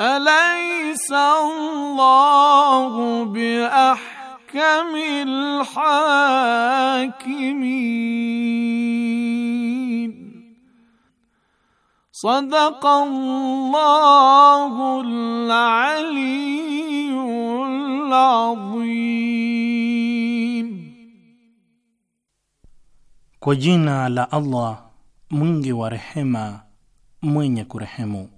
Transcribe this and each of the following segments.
اليس الله باحكم الحاكمين صدق الله العلي العظيم وجينا على الله منجي ورحمه مين يكرهمه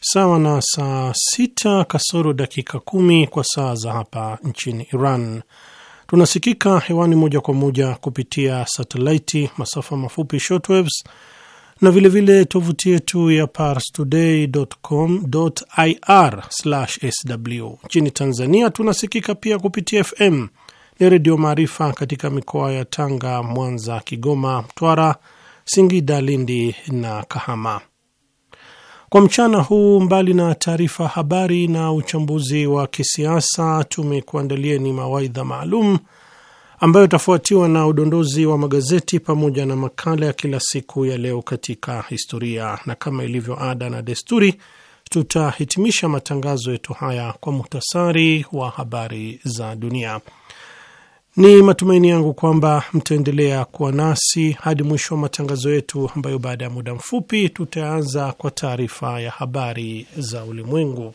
sawa na saa sita kasoro dakika kumi kwa saa za hapa nchini Iran. Tunasikika hewani moja kwa moja kupitia satelaiti, masafa mafupi shortwaves na vilevile tovuti yetu ya parstoday.com.ir/sw. Nchini Tanzania tunasikika pia kupitia FM ni Redio Maarifa katika mikoa ya Tanga, Mwanza, Kigoma, Mtwara, Singida, Lindi na Kahama. Kwa mchana huu, mbali na taarifa habari na uchambuzi wa kisiasa, ni mawaidha maalum ambayo itafuatiwa na udondozi wa magazeti pamoja na makala ya kila siku ya leo katika historia, na kama ilivyo ada na desturi, tutahitimisha matangazo yetu haya kwa muhtasari wa habari za dunia. Ni matumaini yangu kwamba mtaendelea kuwa nasi hadi mwisho wa matangazo yetu, ambayo baada ya muda mfupi tutaanza kwa taarifa ya habari za ulimwengu.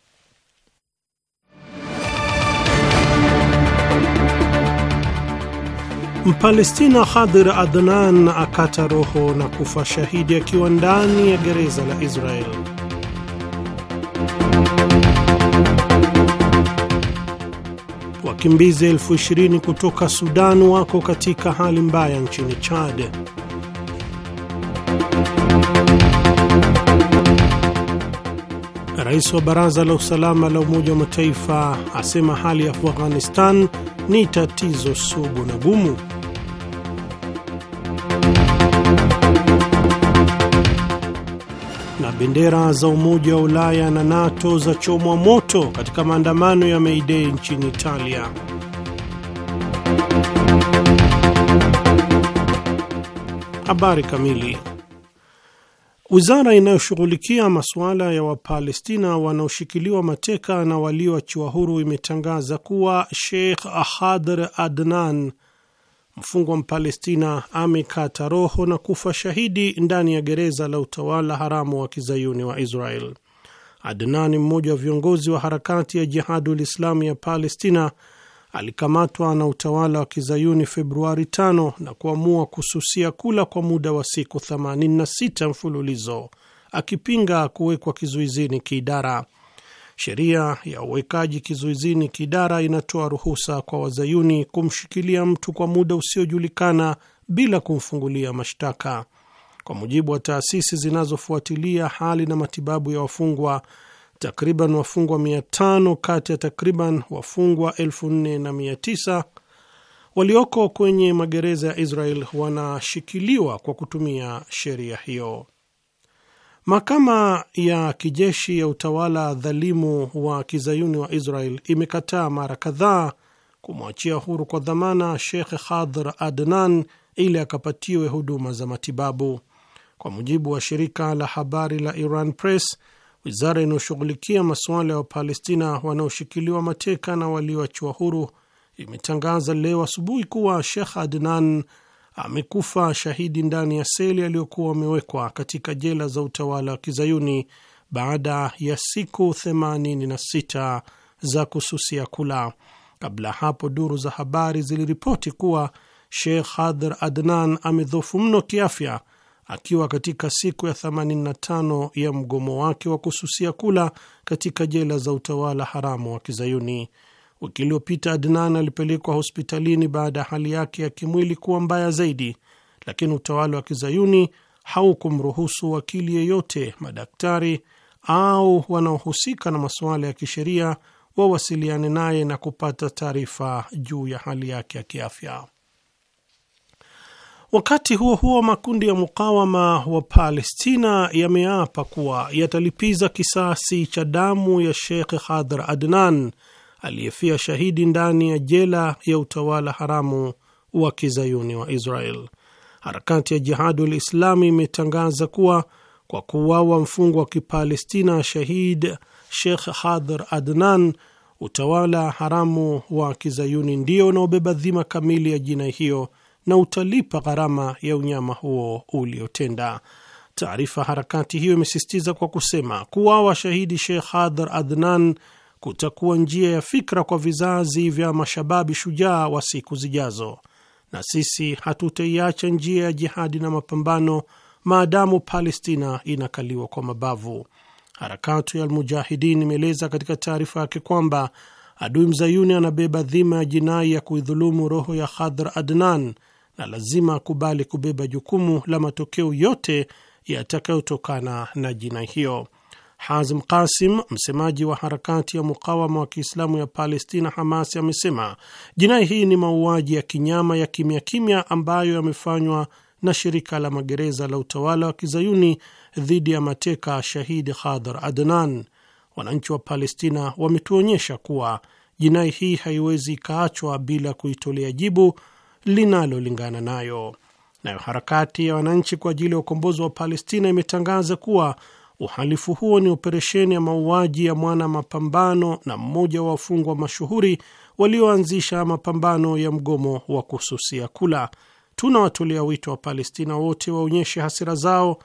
Mpalestina Khadir Adnan akata roho na kufa shahidi akiwa ndani ya gereza la Israel. Wakimbizi elfu ishirini kutoka Sudan wako katika hali mbaya nchini Chad. Rais wa Baraza la Usalama la Umoja wa Mataifa asema hali ya Afghanistan ni tatizo sugu na gumu. Na bendera za Umoja wa Ulaya na NATO za chomwa moto katika maandamano ya May Day nchini Italia. Habari kamili Wizara inayoshughulikia masuala ya Wapalestina wanaoshikiliwa mateka na walioachiwa huru imetangaza kuwa Sheikh Ahadr Adnan, mfungwa Mpalestina, amekata roho na kufa shahidi ndani ya gereza la utawala haramu wa kizayuni wa Israel. Adnan, mmoja wa viongozi wa harakati ya Jihadul Islami ya Palestina, alikamatwa na utawala wa kizayuni Februari 5 na kuamua kususia kula kwa muda wa siku 86 mfululizo akipinga kuwekwa kizuizini kiidara. Sheria ya uwekaji kizuizini kiidara inatoa ruhusa kwa wazayuni kumshikilia mtu kwa muda usiojulikana bila kumfungulia mashtaka. Kwa mujibu wa taasisi zinazofuatilia hali na matibabu ya wafungwa, takriban wafungwa 500 kati ya takriban wafungwa 4900 walioko kwenye magereza ya Israel wanashikiliwa kwa kutumia sheria hiyo. Mahakama ya kijeshi ya utawala dhalimu wa kizayuni wa Israel imekataa mara kadhaa kumwachia huru kwa dhamana Sheikh Khadr Adnan ili akapatiwe huduma za matibabu. Kwa mujibu wa shirika la habari la Iran Press, Wizara inayoshughulikia masuala ya Wapalestina wanaoshikiliwa mateka na walioachiwa huru imetangaza leo asubuhi kuwa Sheikh Adnan amekufa shahidi ndani ya seli aliyokuwa amewekwa katika jela za utawala wa kizayuni baada ya siku 86 za kususia kula. Kabla hapo, duru za habari ziliripoti kuwa Sheikh Hadhr Adnan amedhofu mno kiafya akiwa katika siku ya 85 ya mgomo wake wa kususia kula katika jela za utawala haramu wa Kizayuni. Wiki iliyopita Adnan alipelekwa hospitalini baada ya hali yake ya kimwili kuwa mbaya zaidi, lakini utawala wa Kizayuni haukumruhusu wakili yeyote, madaktari au wanaohusika na masuala ya kisheria wawasiliane naye na kupata taarifa juu ya hali yake ya kiafya. Wakati huo huo, makundi ya mukawama wa Palestina yameapa kuwa yatalipiza kisasi cha damu ya Sheikh hadhr Adnan aliyefia shahidi ndani ya jela ya utawala haramu wa kizayuni wa Israel. Harakati ya Jihadul Islami imetangaza kuwa kwa kuuawa mfungwa wa Kipalestina shahid Sheikh hadhr Adnan, utawala haramu wa kizayuni ndio unaobeba dhima kamili ya jinai hiyo na utalipa gharama ya unyama huo uliotenda. Taarifa harakati hiyo imesisitiza kwa kusema kuwa washahidi Sheikh Hadhar Adnan kutakuwa njia ya fikra kwa vizazi vya mashababi shujaa wa siku zijazo, na sisi hatutaiacha njia ya jihadi na mapambano maadamu Palestina inakaliwa kwa mabavu. Harakatu ya Almujahidin imeeleza katika taarifa yake kwamba adui mzayuni anabeba dhima ya jinai ya kuidhulumu roho ya Khadr Adnan na lazima akubali kubeba jukumu la matokeo yote yatakayotokana na jinai hiyo. Hazim Qasim, msemaji wa harakati ya mukawama wa Kiislamu ya Palestina, Hamas, amesema jinai hii ni mauaji ya kinyama ya kimya kimya ambayo yamefanywa na shirika la magereza la utawala wa kizayuni dhidi ya mateka shahidi Khadhar Adnan. Wananchi wa Palestina wametuonyesha kuwa jinai hii haiwezi ikaachwa bila kuitolea jibu linalolingana nayo. Nayo harakati ya wananchi kwa ajili ya ukombozi wa Palestina imetangaza kuwa uhalifu huo ni operesheni ya mauaji ya mwana mapambano na mmoja wa wafungwa mashuhuri walioanzisha mapambano ya mgomo wa kususia kula. Tunawatolea wito wa Palestina wote waonyeshe hasira zao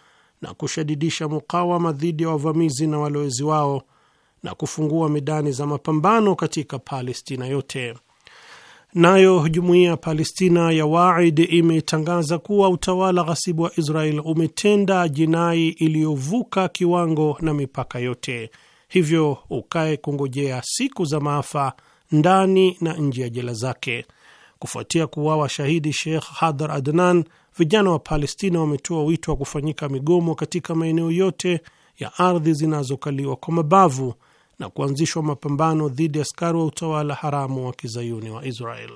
na kushadidisha mukawama dhidi ya wavamizi na walowezi wao na kufungua medani za mapambano katika Palestina yote. Nayo jumuiya ya Palestina ya Waid imetangaza kuwa utawala ghasibu wa Israel umetenda jinai iliyovuka kiwango na mipaka yote, hivyo ukae kungojea siku za maafa ndani na nje ya jela zake. Kufuatia kuuawa shahidi Sheikh Hadhar Adnan, vijana wa Palestina wametoa wito wa kufanyika migomo katika maeneo yote ya ardhi zinazokaliwa kwa mabavu na kuanzishwa mapambano dhidi ya askari wa utawala haramu wa kizayuni wa Israel.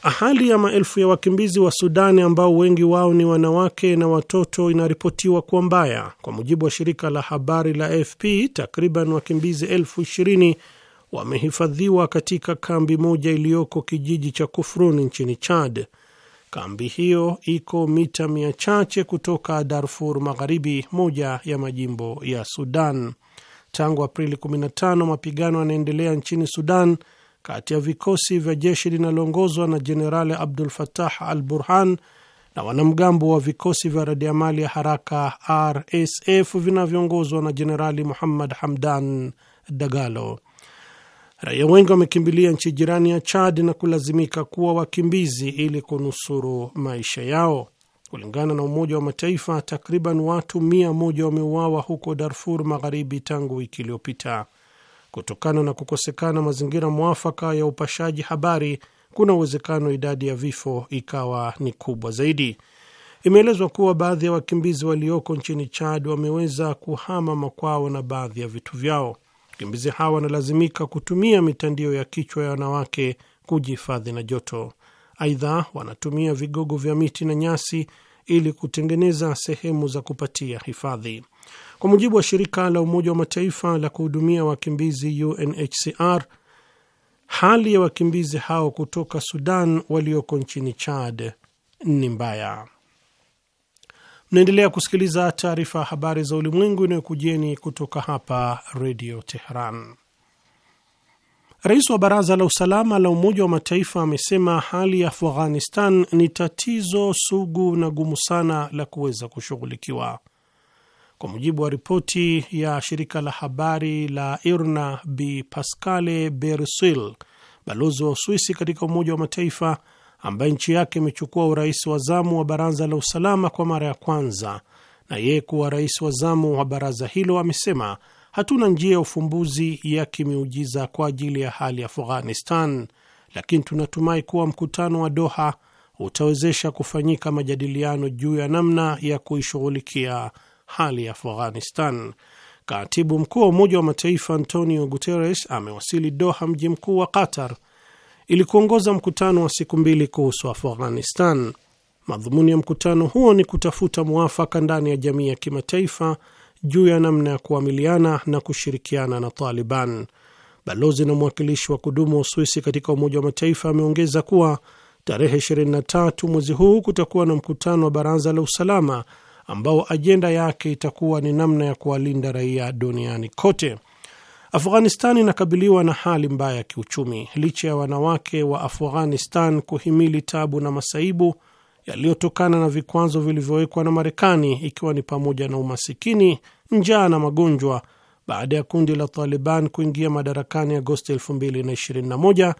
Hali ya maelfu ya wakimbizi wa Sudani ambao wengi wao ni wanawake na watoto inaripotiwa kuwa mbaya. Kwa mujibu wa shirika la habari la AFP, takriban wakimbizi elfu ishirini wamehifadhiwa katika kambi moja iliyoko kijiji cha Kufruni nchini Chad Kambi hiyo iko mita mia chache kutoka Darfur Magharibi, moja ya majimbo ya Sudan. Tangu Aprili 15 mapigano yanaendelea nchini Sudan kati ya vikosi vya jeshi linaloongozwa na Jenerali Abdul Fatah Al Burhan na wanamgambo wa vikosi vya radiamali ya haraka RSF vinavyoongozwa na Jenerali Muhammad Hamdan Dagalo. Raia wengi wamekimbilia nchi jirani ya Chad na kulazimika kuwa wakimbizi ili kunusuru maisha yao. Kulingana na Umoja wa Mataifa, takriban watu mia moja wameuawa huko Darfur Magharibi tangu wiki iliyopita kutokana na kukosekana mazingira mwafaka ya upashaji habari. Kuna uwezekano idadi ya vifo ikawa ni kubwa zaidi. Imeelezwa kuwa baadhi ya wakimbizi walioko nchini Chad wameweza kuhama makwao na baadhi ya vitu vyao wakimbizi hawa wanalazimika kutumia mitandio ya kichwa ya wanawake kujihifadhi na joto. Aidha, wanatumia vigogo vya miti na nyasi ili kutengeneza sehemu za kupatia hifadhi. Kwa mujibu wa shirika la Umoja wa Mataifa la kuhudumia wakimbizi UNHCR, hali ya wakimbizi hao kutoka Sudan walioko nchini Chad ni mbaya. Mnaendelea kusikiliza taarifa ya habari za ulimwengu inayokujieni kutoka hapa Redio Teheran. Rais wa Baraza la Usalama la Umoja wa Mataifa amesema hali ya Afghanistan ni tatizo sugu na gumu sana la kuweza kushughulikiwa. Kwa mujibu wa ripoti ya shirika la habari la IRNA, Bi Pascale Bersil, balozi wa Uswisi katika Umoja wa Mataifa ambaye nchi yake imechukua urais wa zamu wa baraza la usalama kwa mara ya kwanza na yeye kuwa rais wa zamu wa baraza hilo, amesema hatuna njia ya ufumbuzi ya kimiujiza kwa ajili ya hali ya Afghanistan, lakini tunatumai kuwa mkutano wa Doha utawezesha kufanyika majadiliano juu ya namna ya kuishughulikia hali ya Afghanistan. Katibu mkuu wa Umoja wa Mataifa Antonio Guterres amewasili Doha, mji mkuu wa Qatar, ili kuongoza mkutano wa siku mbili kuhusu Afghanistan. Madhumuni ya mkutano huo ni kutafuta mwafaka ndani ya jamii ya kimataifa juu ya namna ya kuamiliana na kushirikiana na Taliban. Balozi na mwakilishi wa kudumu wa Uswisi katika Umoja wa Mataifa ameongeza kuwa tarehe 23 mwezi huu kutakuwa na mkutano wa Baraza la Usalama ambao ajenda yake itakuwa ni namna ya kuwalinda raia duniani kote. Afghanistan inakabiliwa na hali mbaya ya kiuchumi licha ya wanawake wa Afghanistan kuhimili tabu na masaibu yaliyotokana na vikwazo vilivyowekwa na Marekani, ikiwa ni pamoja na umasikini, njaa na magonjwa, baada ya kundi la Taliban kuingia madarakani Agosti 2021.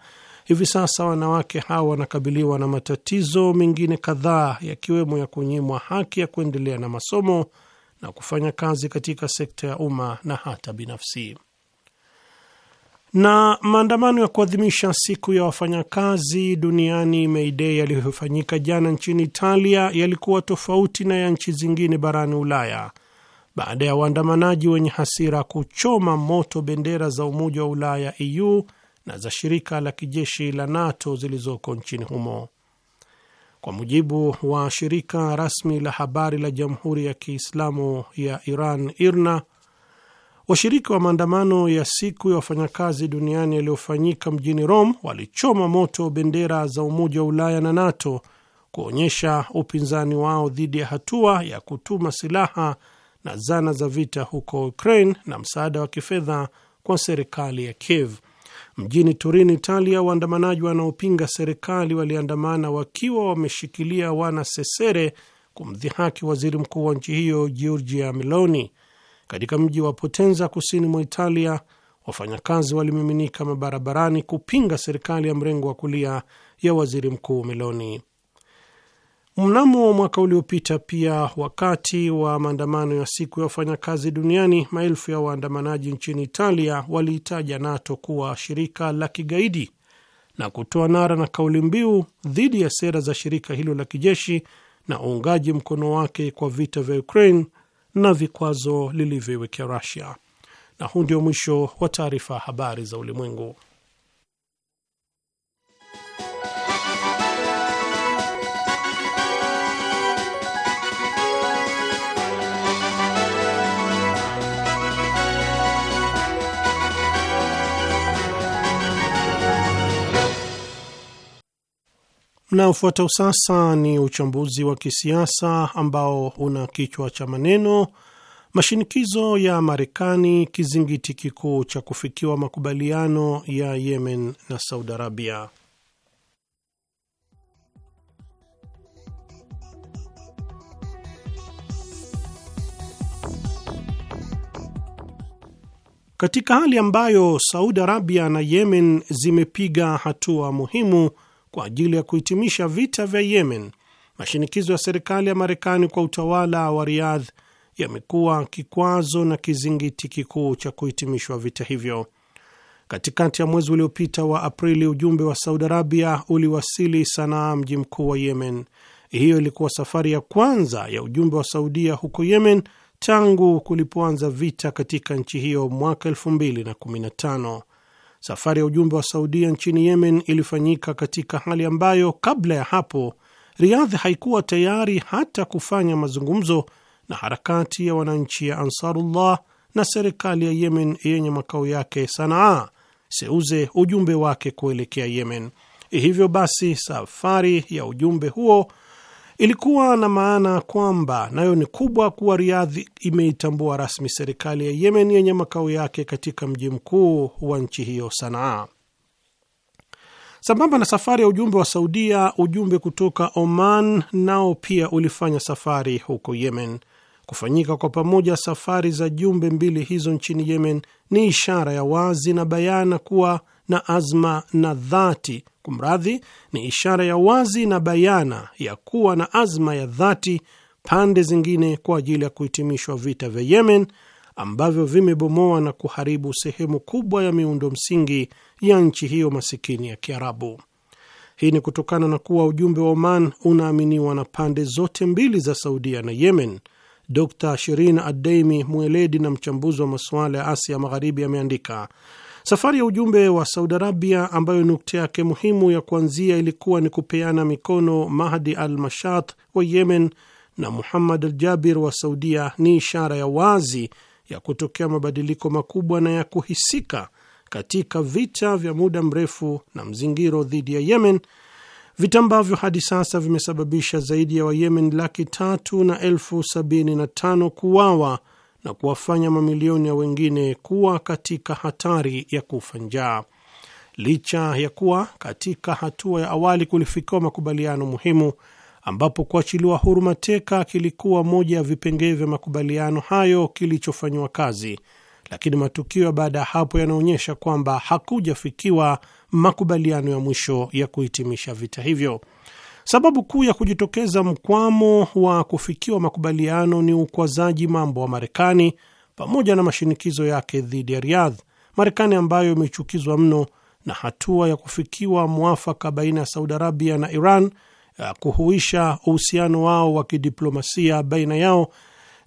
Hivi sasa wanawake hawa wanakabiliwa na matatizo mengine kadhaa yakiwemo ya kunyimwa haki ya kuendelea na masomo na kufanya kazi katika sekta ya umma na hata binafsi. Na maandamano ya kuadhimisha siku ya wafanyakazi duniani May Day yaliyofanyika jana nchini Italia yalikuwa tofauti na ya nchi zingine barani Ulaya baada ya waandamanaji wenye hasira kuchoma moto bendera za Umoja wa Ulaya EU na za shirika la kijeshi la NATO zilizoko nchini humo. Kwa mujibu wa shirika rasmi la habari la Jamhuri ya Kiislamu ya Iran IRNA, Washiriki wa maandamano ya siku ya wafanyakazi duniani yaliyofanyika mjini Rome walichoma moto bendera za Umoja wa Ulaya na NATO kuonyesha upinzani wao dhidi ya hatua ya kutuma silaha na zana za vita huko Ukraine na msaada wa kifedha kwa serikali ya Kiev. Mjini Turin, Italia, waandamanaji wanaopinga serikali waliandamana wakiwa wameshikilia wana sesere kumdhihaki waziri mkuu wa nchi hiyo Giorgia Meloni. Katika mji wa Potenza kusini mwa Italia, wafanyakazi walimiminika mabarabarani kupinga serikali ya mrengo wa kulia ya waziri mkuu Meloni. Mnamo mwaka uliopita pia, wakati wa maandamano ya siku ya wafanyakazi duniani, maelfu ya waandamanaji nchini Italia waliitaja NATO kuwa shirika la kigaidi na kutoa nara na kauli mbiu dhidi ya sera za shirika hilo la kijeshi na uungaji mkono wake kwa vita vya Ukraine na vikwazo lilivyoiwekea Rusia. Na huu ndio mwisho wa taarifa habari za ulimwengu. Mnaofuata usasa ni uchambuzi wa kisiasa ambao una kichwa cha maneno mashinikizo ya Marekani, kizingiti kikuu cha kufikiwa makubaliano ya Yemen na Saudi Arabia. Katika hali ambayo Saudi Arabia na Yemen zimepiga hatua muhimu kwa ajili ya kuhitimisha vita vya Yemen, mashinikizo ya serikali ya Marekani kwa utawala wa Riyadh yamekuwa kikwazo na kizingiti kikuu cha kuhitimishwa vita hivyo. Katikati ya mwezi uliopita wa Aprili, ujumbe wa Saudi Arabia uliwasili Sanaa, mji mkuu wa Yemen. Hiyo ilikuwa safari ya kwanza ya ujumbe wa Saudia huko Yemen tangu kulipoanza vita katika nchi hiyo mwaka 215 Safari ya ujumbe wa Saudia nchini Yemen ilifanyika katika hali ambayo kabla ya hapo riadhi haikuwa tayari hata kufanya mazungumzo na harakati ya wananchi ya Ansarullah na serikali ya Yemen yenye makao yake Sanaa, seuze ujumbe wake kuelekea Yemen. Hivyo basi, safari ya ujumbe huo Ilikuwa na maana kwamba nayo ni kubwa kuwa riadhi imeitambua rasmi serikali ya Yemen yenye makao yake katika mji mkuu wa nchi hiyo Sanaa. Sambamba na safari ya ujumbe wa Saudia, ujumbe kutoka Oman nao pia ulifanya safari huko Yemen. Kufanyika kwa pamoja safari za jumbe mbili hizo nchini Yemen ni ishara ya wazi na bayana kuwa na azma na dhati kumradhi, ni ishara ya wazi na bayana ya kuwa na azma ya dhati pande zingine kwa ajili ya kuhitimishwa vita vya Yemen ambavyo vimebomoa na kuharibu sehemu kubwa ya miundo msingi ya nchi hiyo masikini ya Kiarabu. Hii ni kutokana na kuwa ujumbe wa Oman unaaminiwa na pande zote mbili za Saudia na Yemen. Dr Shirin adeimi mweledi na mchambuzi wa masuala ya Asia Magharibi, ameandika Safari ya ujumbe wa Saudi Arabia, ambayo nukta yake muhimu ya kuanzia ilikuwa ni kupeana mikono Mahdi al Mashat wa Yemen na Muhammad al Jabir wa Saudia, ni ishara ya wazi ya kutokea mabadiliko makubwa na ya kuhisika katika vita vya muda mrefu na mzingiro dhidi ya Yemen, vita ambavyo hadi sasa vimesababisha zaidi ya Wayemen laki tatu na elfu sabini na tano kuwawa na kuwafanya mamilioni ya wengine kuwa katika hatari ya kufa njaa. Licha ya kuwa katika hatua ya awali kulifikiwa makubaliano muhimu, ambapo kuachiliwa huru mateka kilikuwa moja ya vipengee vya makubaliano hayo kilichofanyiwa kazi, lakini matukio ya baada ya hapo yanaonyesha kwamba hakujafikiwa makubaliano ya mwisho ya kuhitimisha vita hivyo. Sababu kuu ya kujitokeza mkwamo wa kufikiwa makubaliano ni ukwazaji mambo wa Marekani pamoja na mashinikizo yake dhidi ya Riyadh. Marekani ambayo imechukizwa mno na hatua ya kufikiwa mwafaka baina ya Saudi Arabia na Iran ya eh, kuhuisha uhusiano wao wa kidiplomasia baina yao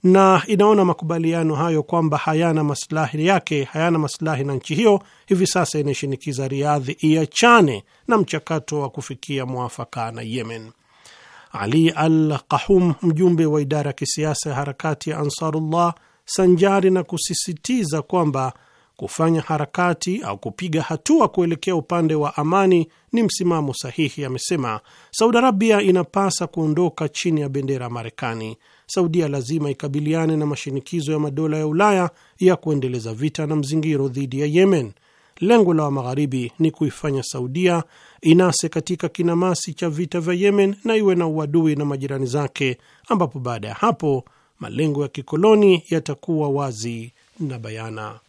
na inaona makubaliano hayo kwamba hayana maslahi yake, hayana maslahi na nchi hiyo, hivi sasa inaishinikiza Riadhi iachane na mchakato wa kufikia mwafaka na Yemen. Ali Al Qahum, mjumbe wa idara ya kisiasa ya harakati ya Ansarullah, sanjari na kusisitiza kwamba kufanya harakati au kupiga hatua kuelekea upande wa amani ni msimamo sahihi, amesema Saudi Arabia inapasa kuondoka chini ya bendera ya Marekani Saudia lazima ikabiliane na mashinikizo ya madola ya Ulaya ya kuendeleza vita na mzingiro dhidi ya Yemen. Lengo la magharibi ni kuifanya Saudia inase katika kinamasi cha vita vya Yemen na iwe na uadui na majirani zake, ambapo baada ya hapo malengo ya kikoloni yatakuwa wazi na bayana.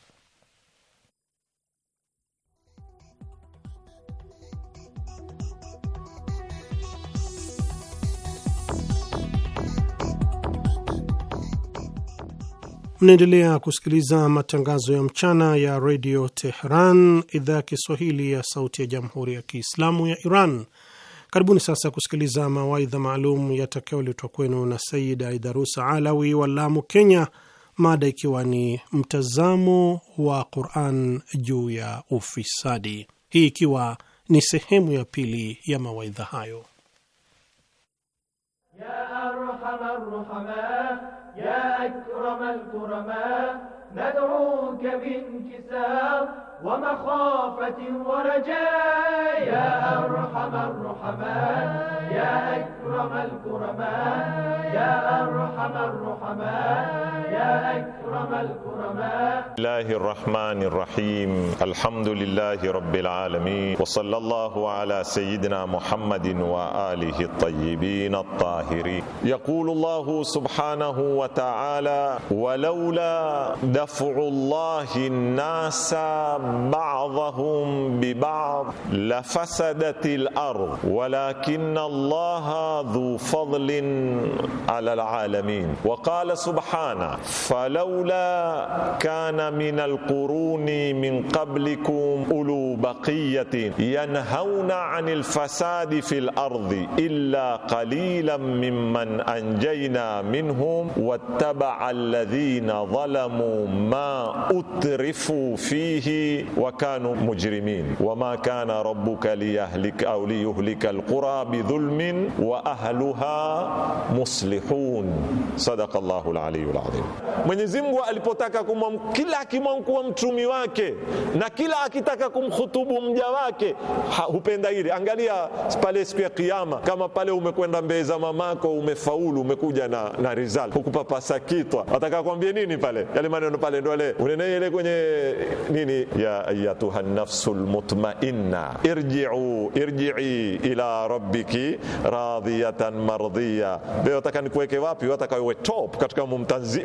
Mnaendelea kusikiliza matangazo ya mchana ya redio Tehran, idhaa ya Kiswahili ya sauti ya jamhuri ya kiislamu ya Iran. Karibuni sasa kusikiliza mawaidha maalum yatakayoletwa kwenu na Sayid Aidarus Alawi wa Lamu, Kenya, mada ikiwa ni mtazamo wa Quran juu ya ufisadi, hii ikiwa ni sehemu ya pili ya mawaidha hayo ya يا أكرم الكرماء ندعوك بانكسار ومخافة ورجاء يا أرحم الرحماء يا أكرم الكرماء يا أرحم الرحماء يا أكرم الكرماء الله الرحمن الرحيم الحمد لله رب العالمين وصلى الله على سيدنا محمد وآله الطيبين الطاهرين يقول الله سبحانه وتعالى ولولا دفع الله الناس بعضهم ببعض لفسدت الارض ولكن الله ذو فضل على العالمين وقال سبحانه فلولا كان من القرون من قبلكم اولو بقيه ينهون عن الفساد في الارض الا قليلا ممن انجينا منهم واتبع الذين ظلموا ما اترفوا فيه wa kanu mujrimin wama kana rabbuka liyahlik au liyuhlika alqura bidhulmin wa ahluha muslihun. Sadaqa Allahu alaliyu alazim. Mwenyezi Mungu alipotaka kumwam, kila akimwamkua mtumi wake na kila akitaka kumkhutubu mja wake hupenda ile. Angalia pale siku ya Kiyama, kama pale umekwenda mbele za mamako, umefaulu, umekuja na, na result hukupapasa kitwa, ataka kwambie nini pale? Yale maneno pale ndo ile unene ile kwenye nini ya ayatuha nafsu lmutmainna irjiu irjii ila rabbiki radhiyatan mardhiya. Leo nataka nikuweke wapi? Wataka uwe top katika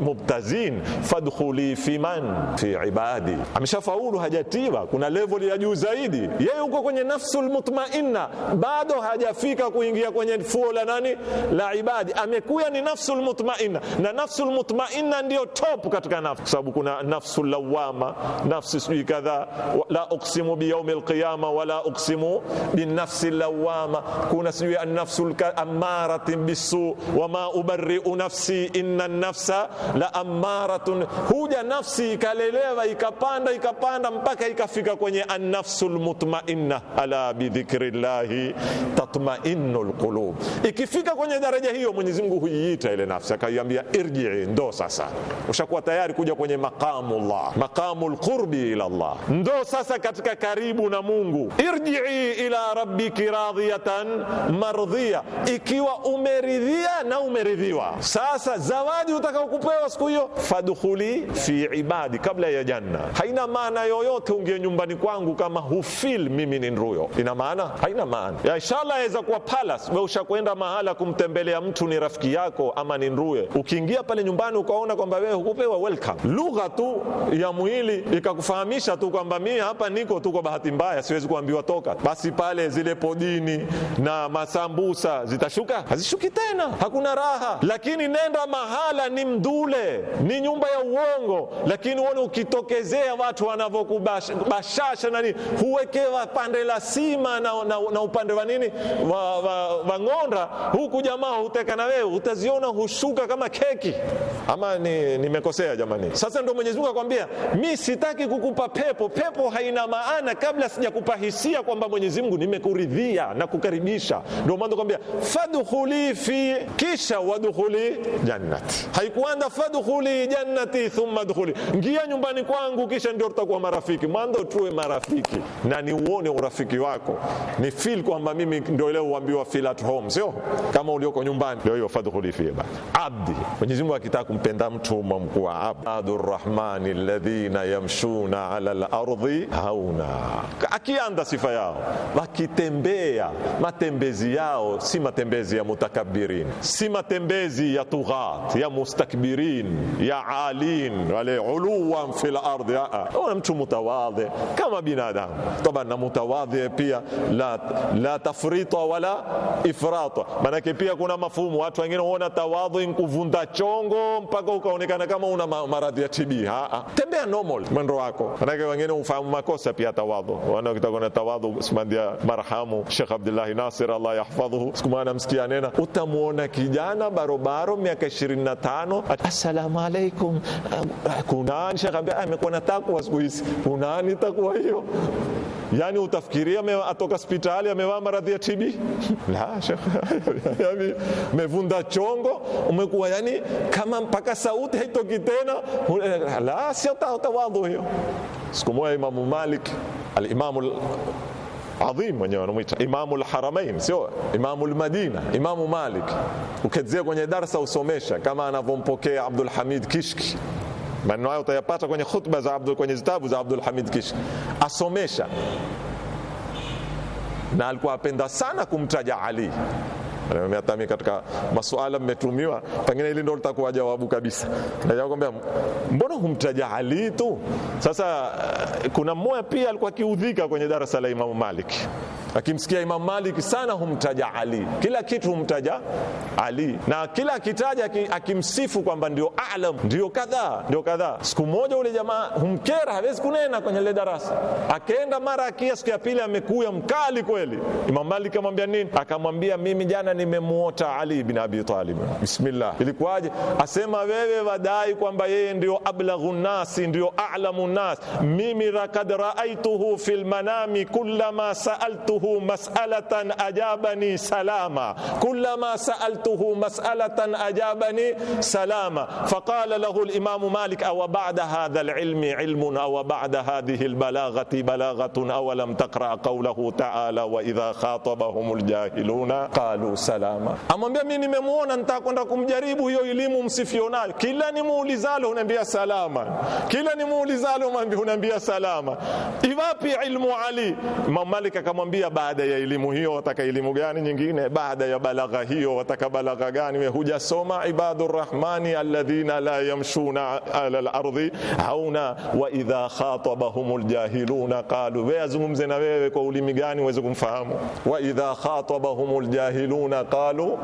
mubtazin, fadkhuli fi man fi ibadi. Ameshafaulu, hajatiba, kuna level ya juu zaidi. Yeye uko kwenye nafsu lmutmainna, bado hajafika kuingia kwenye fuo la nani la ibadi, amekuya ni nafsu lmutmainna, na nafsu lmutmainna ndio top katika nafsi, kwa sababu kuna nafsu lawama, nafsi sijui kadha kadha, la uksimu biyaumi lqiyama wala uksimu binafsi lawama, kuna sijui annafsu amarati bisu wama ubariu nafsi inna nafsa la amaratun. Huja nafsi ikalelewa ikapanda ikapanda mpaka ikafika kwenye annafsu lmutmainna, ala bidhikri tatmainu lqulub. Ikifika kwenye daraja hiyo, Mwenyezi Mungu huiita ile nafsi akaiambia irjii, ndo sasa ushakuwa tayari kuja kwenye maqamullah maqamul qurbi ila Allah. Ndo sasa katika karibu na Mungu, irjii ila rabbiki radhiyatan mardhiya, ikiwa umeridhia na umeridhiwa. Sasa zawadi utakaokupewa siku hiyo, fadkhuli fi ibadi kabla ya janna. Haina maana yoyote ungie nyumbani kwangu kama hufil mimi ni nruyo, ina maana haina maana ya inshallah. Yaweza kuwa palace, wewe ushakwenda mahala kumtembelea mtu, ni rafiki yako ama ni nruye, ukiingia pale nyumbani ukaona kwamba wewe hukupewa welcome, lugha tu ya mwili ikakufahamisha tu kwamba mimi hapa niko tu kwa bahati mbaya, siwezi kuambiwa toka, basi pale zile podini na masambusa zitashuka? Hazishuki tena, hakuna raha. Lakini nenda mahala ni mdule, ni nyumba ya uongo, lakini uone ukitokezea watu wanavyokubashasha nani, huwekewa pande la sima na, na, na upande wa nini wa, wa, wa ng'onda, huku jamaa huteka na wewe, utaziona hushuka kama keki. Ama nimekosea ni jamani? Sasa ndo Mwenyezi Mungu akwambia, mi sitaki kukupa pe pepo. Pepo haina maana kabla sijakupa hisia kwamba Mwenyezi Mungu nimekuridhia na kukaribisha. Ndio maana kwambia fadkhuli fi kisha wadkhuli jannati, haikuanda fadkhuli jannati thumma dkhuli, ngia nyumbani kwangu kisha ndio tutakuwa marafiki. Mwanzo tuwe marafiki na niuone urafiki wako, ni feel kwamba mimi ndio leo uambiwa feel at home, sio kama ulioko nyumbani. Leo hiyo fadkhuli fi abdi. Mwenyezi Mungu akitaka kumpenda mtu mwamkuwa abdurrahmani Rahman alladhina yamshuna ala alardhi hauna, akianda sifa yao, wakitembea matembezi yao si matembezi ya mutakabirin, si matembezi ya tughat ya mustakbirin ya alin wale uluwan fil ardhi. Ona mtu mutawadhi kama binadamu toba na mutawadhi pia, la, la tafrita wala ifrata. Maanake pia kuna mafumu, watu wengine huona tawadhi nkuvunda chongo mpaka ukaonekana kama una maradhi ya TB. Tembea normal mwendo wako maanake wengine ufahamu makosa pia tawadhu, wana kitaka na tawadhu. Simandia marhamu Sheikh Abdullah Nasir Allah yahfadhuhu, siku mwana msikia nena, utamuona kijana barobaro miaka 25, assalamu alaikum, kunani Sheikh ambia amekuwa ah, na takwa siku hizi, kunani takwa hiyo Yani utafikiria atoka hospitali amevaa maradhi ya TB yani, mevunda chongo umekuwa yani kama mpaka sauti haitoki tena. La, sio tawadhu hiyo siku moja Imamu Malik alimamu adhim wenyewe wanamwita Imamu lharamain sio Imamu lmadina Imamu Malik, ukianzia kwenye darsa usomesha kama anavyompokea Abdul Hamid Kishki maneno hayo utayapata kwenye khutba za Abdul, kwenye zitabu za Abdul Hamid Kishki asomesha, na alikuwa apenda sana kumtaja Ali hata katika masuala mmetumiwa, pengine hili ndo litakuwa jawabu kabisa, nakwambia mbona humtaja Ali tu? Sasa eh, kuna mmoja pia alikuwa akiudhika kwenye darasa la Imamu Malik akimsikia Imam Malik sana humtaja Ali, kila kitu humtaja Ali na kila akitaja akimsifu kwamba ndio alam, ndio kadhaa, ndio kadhaa. Siku moja ule jamaa humkera, hawezi kunena kwenye ile darasa, akaenda mara akia, siku ya pili amekuya mkali kweli. Imam Malik amwambia nini? Akamwambia mimi jana nimemuota Ali bin Abi Talib. Bismillah, ilikuwaje? Asema wewe wadai kwamba yeye ndio ablaghu nasi, ndio alamu nas, mimi rakad raaituhu fi lmanami kulama saaltu sa'altuhu mas'alatan ajabani salama kullama sa'altuhu mas'alatan ajabani salama faqala lahu al-imam Malik aw ba'da hadha al-ilmi ilmun aw ba'da hadhihi al-balaghati balaghatun aw lam taqra qawlahu ta'ala wa idha khatabahum al-jahiluna qalu salama amwambia mimi nimemuona nitakwenda kumjaribu hiyo elimu msifionayo kila nimuulizalo unaambia salama kila nimuulizalo unaambia salama iwapi ilmu Ali Imam Malik akamwambia baada ya elimu hiyo wataka elimu gani nyingine? Baada ya balagha hiyo wataka balagha gani? We hujasoma ibadur rahmani alladhina la yamshuna ala lardhi hauna wa idha khatabahumul jahiluna qalu. we azungumze na wewe kwa ulimi gani uweze kumfahamu? Wa idha khatabahumul jahiluna qalu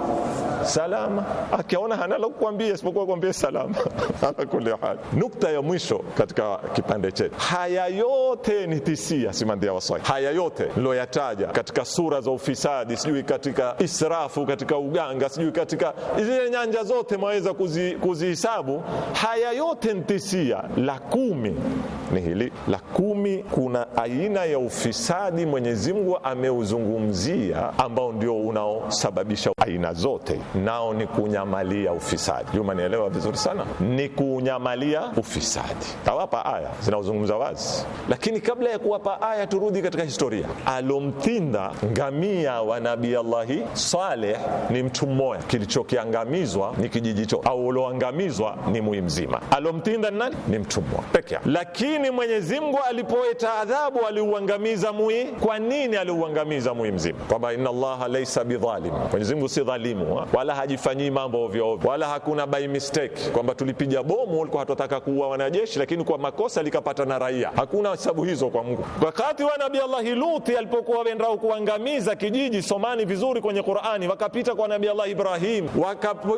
salama, akiona hana la kukwambia isipokuwa kwambia salama. Ala kulli hal, nukta ya mwisho katika kipande chetu, haya yote ni tisia simandia waswahili, haya yote loyataja haja, katika sura za ufisadi, sijui katika israfu, katika uganga, sijui katika zile nyanja zote mwaweza kuzihisabu kuzi. Haya yote ntisia, la kumi ni hili la kumi, kuna aina ya ufisadi Mwenyezi Mungu ameuzungumzia ambao ndio unaosababisha aina zote, nao ni kunyamalia ufisadi. Juma, nielewa vizuri sana, ni kunyamalia ufisadi. Tawapa aya zinaozungumza wazi, lakini kabla ya kuwapa aya turudi katika historia alomt Tinda, ngamia wa Nabii Allahi Saleh ni mtu mmoja. Kilichokiangamizwa ni kijiji chote, au ulioangamizwa ni mwi mzima. Alomtinda ni nani? Ni mtu mmoja peke yake. Lakini Mwenyezi Mungu alipoweta adhabu aliuangamiza mwi. Kwa nini aliuangamiza mwi mzima? Kwamba inna Allaha laisa bidhalim, Mwenyezi Mungu si dhalimu ha? wala hajifanyii mambo ovyo ovyo, wala hakuna by mistake kwamba tulipiga bomu, ulikuwa hatutaka kuua wanajeshi, lakini kwa makosa likapata na raia. Hakuna hesabu hizo kwa Mungu. Wakati wa Nabii Allahi Luthi alipokuwa wakaenda kuangamiza kijiji, somani vizuri kwenye Qur'ani, wakapita kwa Nabii Allah Ibrahim.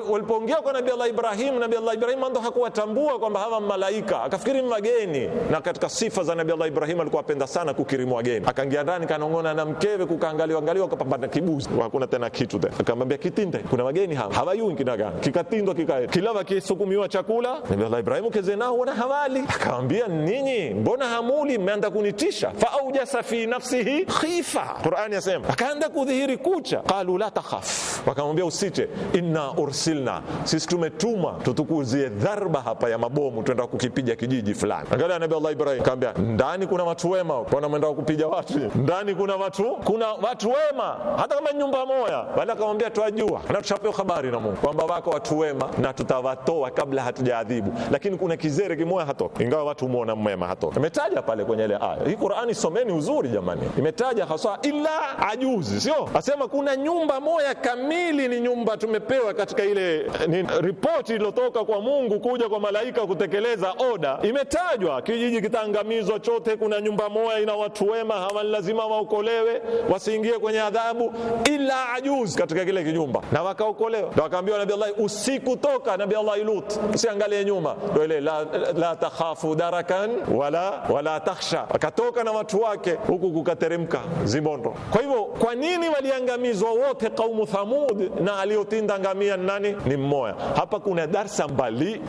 Walipoongea kwa Nabii Allah Ibrahim, Nabii Allah Ibrahim ndo hakuwatambua kwamba hawa malaika, akafikiri wageni. Na katika sifa za Nabii Allah Ibrahim alikuwa apenda sana kukirimu wageni. Akaingia ndani, kanong'ona na mkewe, kukaangaliwa angaliwa, akapambana kibuzi, hakuna tena kitu tena. Akamwambia kitinde, kuna wageni hawa hawayuni kina kikatindwa kikae kila wakisukumiwa chakula. Nabii Allah Ibrahim nao wana hawali, akamwambia ninyi mbona hamuli, mmeanza kunitisha. Fa aujasa fi nafsihi khifa shaja'a. Qur'ani yasema, akaenda kudhihiri kucha, qalu la takhaf, wakamwambia usiche, inna ursilna, sisi tumetuma tutukuzie dharba hapa ya mabomu, twenda kukipiga kijiji fulani. Angalia Nabii Allah Ibrahim kaambia, ndani kuna watu wema, mbona mwenda kupiga watu? Ndani kuna watu kuna watu wema, hata kama nyumba moja. Bali akamwambia twajua na tushapewa habari na Mungu kwamba wako watu wema na tutawatoa kabla hatujaadhibu, lakini kuna kizere kimoja hatoka, ingawa watu muona mwema hatoka. Imetaja pale kwenye ile aya hii. Qur'ani someni uzuri jamani, imetaja hasa illa ajuzi, sio asema kuna nyumba moja kamili, ni nyumba tumepewa katika ile eh, ni ripoti iliyotoka kwa Mungu kuja kwa malaika kutekeleza oda, imetajwa kijiji kitaangamizwa chote. Kuna nyumba moja ina watu wema, hawa lazima waokolewe, wasiingie kwenye adhabu, illa ajuz katika kile kinyumba na wakaokolewa. Ndio akaambiwa Nabii Allah usikutoka, Nabii Allah Lut, usiangalie nyuma, ndio ile la, la, la takhafu darakan wala wala takhsha. Akatoka na watu wake, huku kukateremka Zibondo. Kwa hivyo, kwa nini waliangamizwa wote kaumu Thamud na aliyotinda ngamia nani? Ni mmoja. Hapa kuna darsa mbali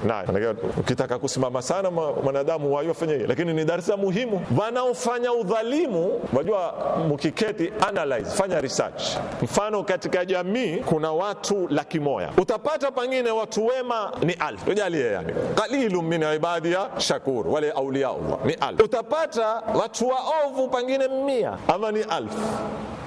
Ukitaka kusimama sana mwanadamu wayo afanye, lakini ni darsa muhimu. Wanaofanya udhalimu, wajua, mkiketi analyze, fanya research. Mfano, katika jamii kuna watu laki moja, utapata pangine watu wema ni alf, tujalie yani qalilu min ibadi ya shakur wale aulia Allah ni alf, utapata watu waovu pangine mia ama ni alf alfu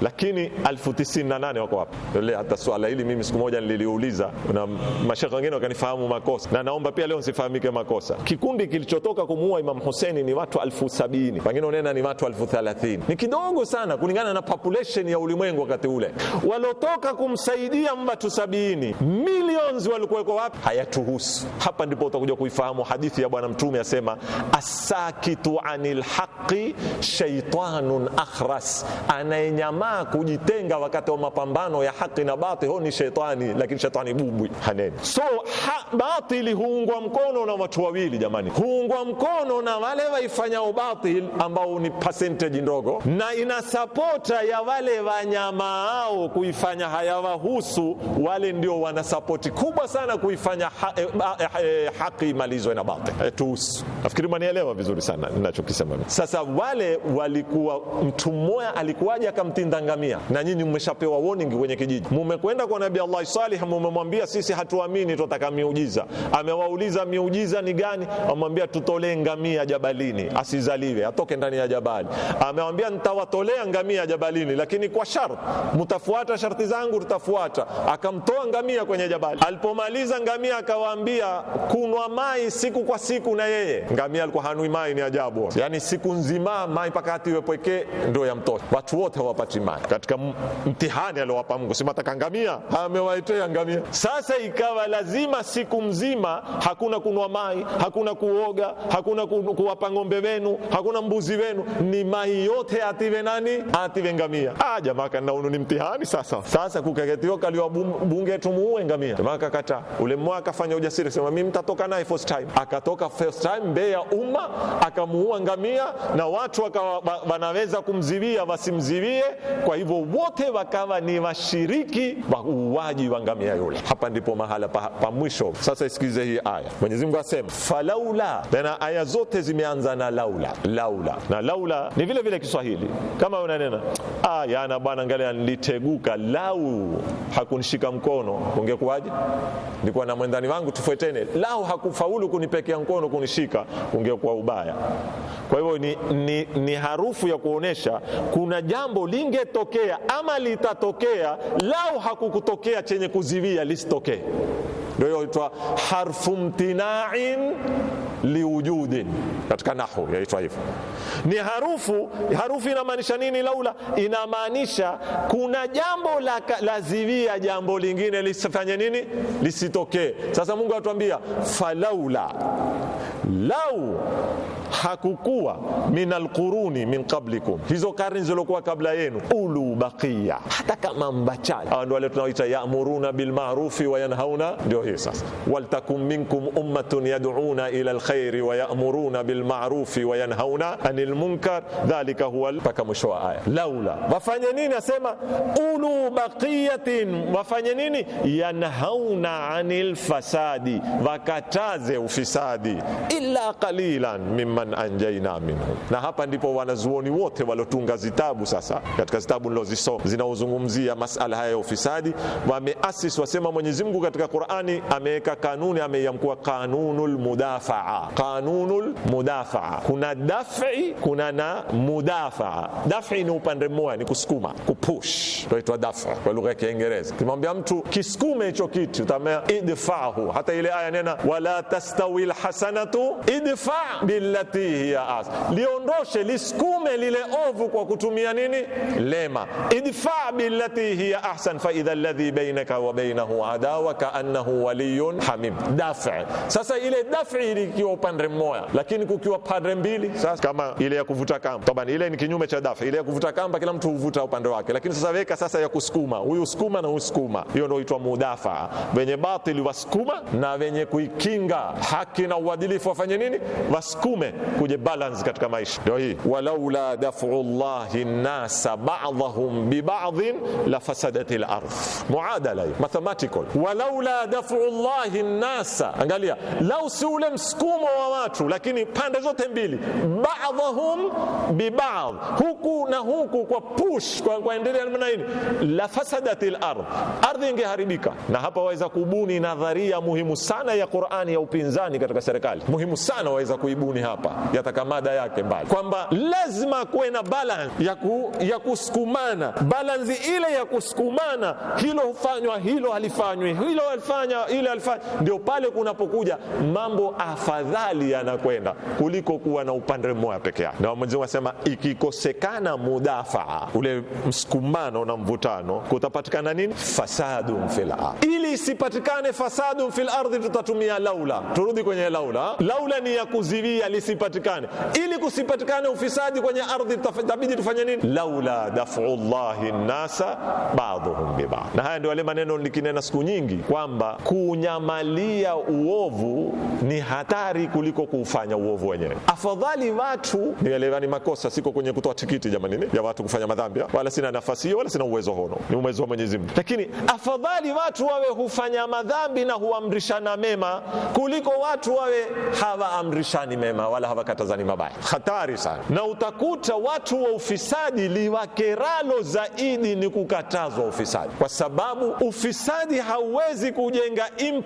lakini alfu tisini na nane wako wapi? Hata swala hili mimi siku moja nililiuliza na mashaka wengine wakanifahamu makosa, na naomba pia leo nisifahamike makosa. Kikundi kilichotoka kumuua Imam Hussein ni watu alfu sabini wengine unena ni watu alfu thalathini Ni kidogo sana kulingana na population ya ulimwengu wakati ule. Walotoka kumsaidia mbatu sabini millions walikuweko wapi? Hayatuhusu. Hapa ndipo utakuja kuifahamu hadithi ya Bwana Mtume asema, asakitu anil haqi shaitanun akhras anayenyamaa kujitenga wakati wa mapambano ya haki na batili, ho ni shetani, lakini shetani bubwi haneni. So ha, batili huungwa mkono na watu wawili jamani, huungwa mkono na wale waifanyao batili ambao ni percentage ndogo, na ina sapota ya wale wanyamaao kuifanya hayawahusu, wale ndio wana sapoti kubwa sana kuifanya ha, eh, eh, ha, e, haki imalizwe na batili. Nafikiri mwanielewa vizuri sana ninachokisema. Sasa wale walikuwa mtu mmoja alikuwaje akamtinda ngamia? Na nyinyi mmeshapewa warning kwenye kijiji, mumekwenda kwa Nabii Allah Salih, mumemwambia sisi hatuamini, tutataka miujiza. Amewauliza miujiza ni gani? Amwambia tutolee ngamia jabalini, asizaliwe atoke ndani ya jabali. Amewambia nitawatolea ngamia jabalini, lakini kwa sharti, mtafuata sharti zangu, tutafuata. Akamtoa ngamia kwenye jabali. Alipomaliza ngamia akawaambia kunwa mai siku kwa siku, na yeye ngamia alikuwa hanui mai, ni ajabu, yani siku nzima mai mpaka atiwepwekee ndio ya mtosha watu wote hawapati maji katika mtihani aliowapa Mungu, si matakangamia amewaitea ngamia. Sasa ikawa lazima siku mzima hakuna kunwa mai, hakuna kuoga, hakuna kuwapa ng'ombe wenu, hakuna mbuzi wenu, ni mai yote ative nani? Ative ngamia. Ah, jamaa kanaunu ni mtihani sasa. Sasa kukeketio kaliwa bunge tumuue ngamia, jamaa kakata. Ule mwaka fanya ujasiri, sema mimi mtatoka naye first time. Akatoka first time mbele ya umma akamuua ngamia, na watu wakawa wanaweza kumzibia wasi wasimziwie. Kwa hivyo wote wakawa ni washiriki wa uuaji wa ngamia yule. Hapa ndipo mahala pa, pa mwisho. Sasa isikilize hii aya, Mwenyezi Mungu asema falaula, tena aya zote zimeanza na laula, laula na laula ni vile vile Kiswahili kama unanena ah, yana bwana, ngale niliteguka, lau hakunishika mkono ungekuwaje? Nilikuwa na mwendani wangu tufuetene lau hakufaulu kunipekea mkono kunishika, ungekuwa ubaya kwa hivyo ni, ni, ni harufu ya kuonesha kuna jambo lingetokea ama litatokea, lau hakukutokea chenye kuziwia lisitokee. Ndio hiyo itwa harfu mtinain liwujudin katika nahu yaitwa hivyo. Ni harufu. Harufu inamaanisha nini? Laula inamaanisha kuna jambo la, la jambo lingine lisifanye nini, lisitokee. Sasa Mungu atuambia falaula lau hakukuwa min alquruni min qablikum, hizo karni zilizokuwa kabla yenu, ulu baqiya, hata kama mbachaji. Hawa ndio wale tunaoita yamuruna bilmarufi wa yanhauna, ndio hii sasa. Waltakum minkum ummatun yad'una ila alkhairi wa yamuruna bilmarufi wa yanhauna anil munkar dhalika huwa, mpaka mwisho wa aya. Laula wafanye nini? Asema ulu baqiyatin, wafanye nini? yanhauna anil fasadi, wakataze ufisadi illa qalilan mimma man anjaina minhu. Na hapa ndipo wanazuoni wote walotunga zitabu sasa, katika zitabu nilozisoma zinaozungumzia masala haya ya ufisadi, wameasis wasema, Mwenyezi Mungu katika Qur'ani ameweka kanuni, ameiamkua kanunul mudafaa, kanunul mudafaa. Kuna dafi, kuna na mudafaa. Dafi ni upande mmoja, ni kusukuma, kupush, inaitwa dafi kwa lugha ya Kiingereza. Kimwambia mtu kisukume hicho kitu, utamea idfahu. Hata ile aya nena wala tastawi lhasanatu idfa billati yaktihi ya as, liondoshe lisukume lile ovu kwa kutumia nini? Lema. idfa billati hiya ahsan fa idha alladhi bainaka wa bainahu adawa annahu waliyun hamim. Dafa Sasa ile dafi ilikiwa upande mmoja, lakini kukiwa pande mbili, sasa kama ile ya kuvuta kamba tabani, ile ni kinyume cha dafa. Ile ya kuvuta kamba kila mtu huvuta upande wake, lakini sasa weka sasa ya kusukuma, huyu sukuma na huyu sukuma, hiyo ndio huitwa mudafaa. Wenye batili wasukuma na wenye kuikinga haki na uadilifu wafanye nini? Wasukume kuje balance katika maisha. Ndio hii walaula daf'u llahi nnasa ba'dhum biba'dhin la fasadati al-ardh, muadala mathematical. Walaula daf'u llahi nnasa, angalia, lau si ule msukumo wa watu, lakini pande zote mbili, badhahum biba'dh, huku na huku, kwa push, kwa kuendelea namna hii, la fasadati al-ardh, ardhi ingeharibika. Na hapa waweza kubuni nadharia muhimu sana ya Qur'ani ya upinzani katika serikali, muhimu sana waweza kuibuni hapa hapa yatakamada yake mbali, kwamba lazima kuwe na balance ya, ku, ya kusukumana. Balance ile ya kusukumana, hilo hufanywa, hilo halifanywi, hilo alifanya, ile alifanya, ndio pale kunapokuja mambo afadhali yanakwenda kuliko kuwa na upande mmoja peke yake. Na mwenzi asema ikikosekana mudafaa, ule msukumano na mvutano, kutapatikana nini? Fasadun fil ardh. Ili isipatikane fasadun fil ardh, tutatumia laula. Turudi kwenye laula, laula ni ya kuzivia lisi isipatikane. Ili kusipatikane ufisadi kwenye ardhi, tabidi tufanye nini? laula dafu llahi nnasa badhuhum bibadh. Na haya ndio yale maneno nikinena siku nyingi kwamba kunyamalia uovu ni hatari kuliko kuufanya uovu wenyewe. Afadhali watu ni makosa, siko kwenye kutoa tikiti jamani, ya watu kufanya madhambi, wala sina nafasi hiyo, wala sina uwezo hono ni uwezo wa Mwenyezi Mungu. Lakini afadhali watu wawe hufanya madhambi na huamrishana mema kuliko watu wawe hawaamrishani mema wala wala hawakatazani mabaya. Hatari sana, na utakuta watu wa ufisadi liwakeralo zaidi ni kukatazwa ufisadi, kwa sababu ufisadi hauwezi kujenga empire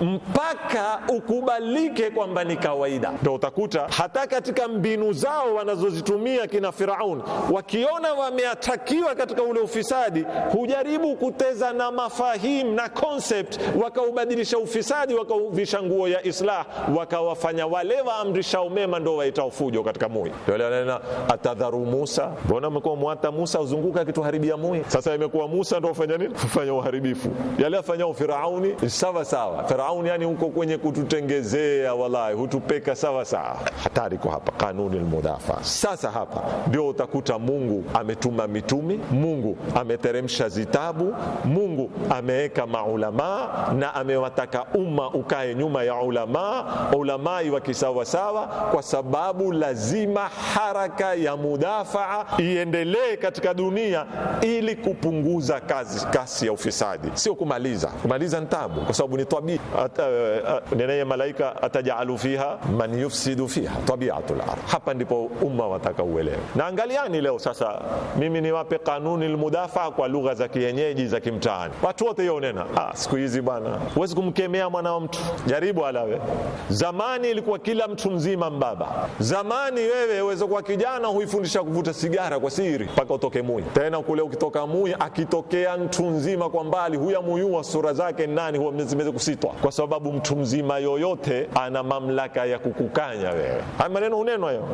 mpaka ukubalike kwamba ni kawaida. Ndo utakuta hata katika mbinu zao wanazozitumia kina Firaun, wakiona wameatakiwa katika ule ufisadi, hujaribu kuteza na mafahimu na concept, wakaubadilisha ufisadi, wakauvisha nguo ya islah, wakawafanya wale waamrisha waitao mema ndo waitao fujo katika mui. Nena atadharu Musa, mbona amekuwa mwata Musa uzunguka akituharibia mui. Sasa imekuwa Musa ndo ufanya nini? Ufanya uharibifu yale afanyao Firauni sawa sawa. Firauni yani huko kwenye kututengezea, wallahi hutupeka sawa sawa. Hatari kwa hapa kanuni almudafa. Sasa hapa ndio utakuta Mungu ametuma mitumi, Mungu ameteremsha zitabu, Mungu ameweka maulamaa na amewataka umma ukae nyuma ya ulamaa, ulamai wakisawasawa kwa sababu lazima haraka ya mudafaa iendelee katika dunia ili kupunguza kazi, kasi ya ufisadi, sio kumaliza. Kumaliza ni tabu, kwa sababu ni tabia. Uh, uh, Neneye malaika atajalu fiha man yufsidu fiha tabiatul ard. Hapa ndipo umma wataka uelewe, na angaliani leo sasa. Mimi niwape kanuni lmudafaa kwa lugha za kienyeji za kimtaani, watu wote hiyo nena. Ah, siku hizi bwana, huwezi kumkemea mwana wa mtu, jaribu alawe. Zamani ilikuwa kila mtu mzima mama mbaba. Zamani wewe uweza kuwa kijana huifundisha kuvuta sigara kwa siri mpaka utoke Muya, tena kule ukitoka Muya akitokea mtu mzima kwa mbali, huyamuyua sura zake nani huwa zimeweza kusitwa, kwa sababu mtu mzima yoyote ana mamlaka ya kukukanya wewe. Haya maneno huneno hayo,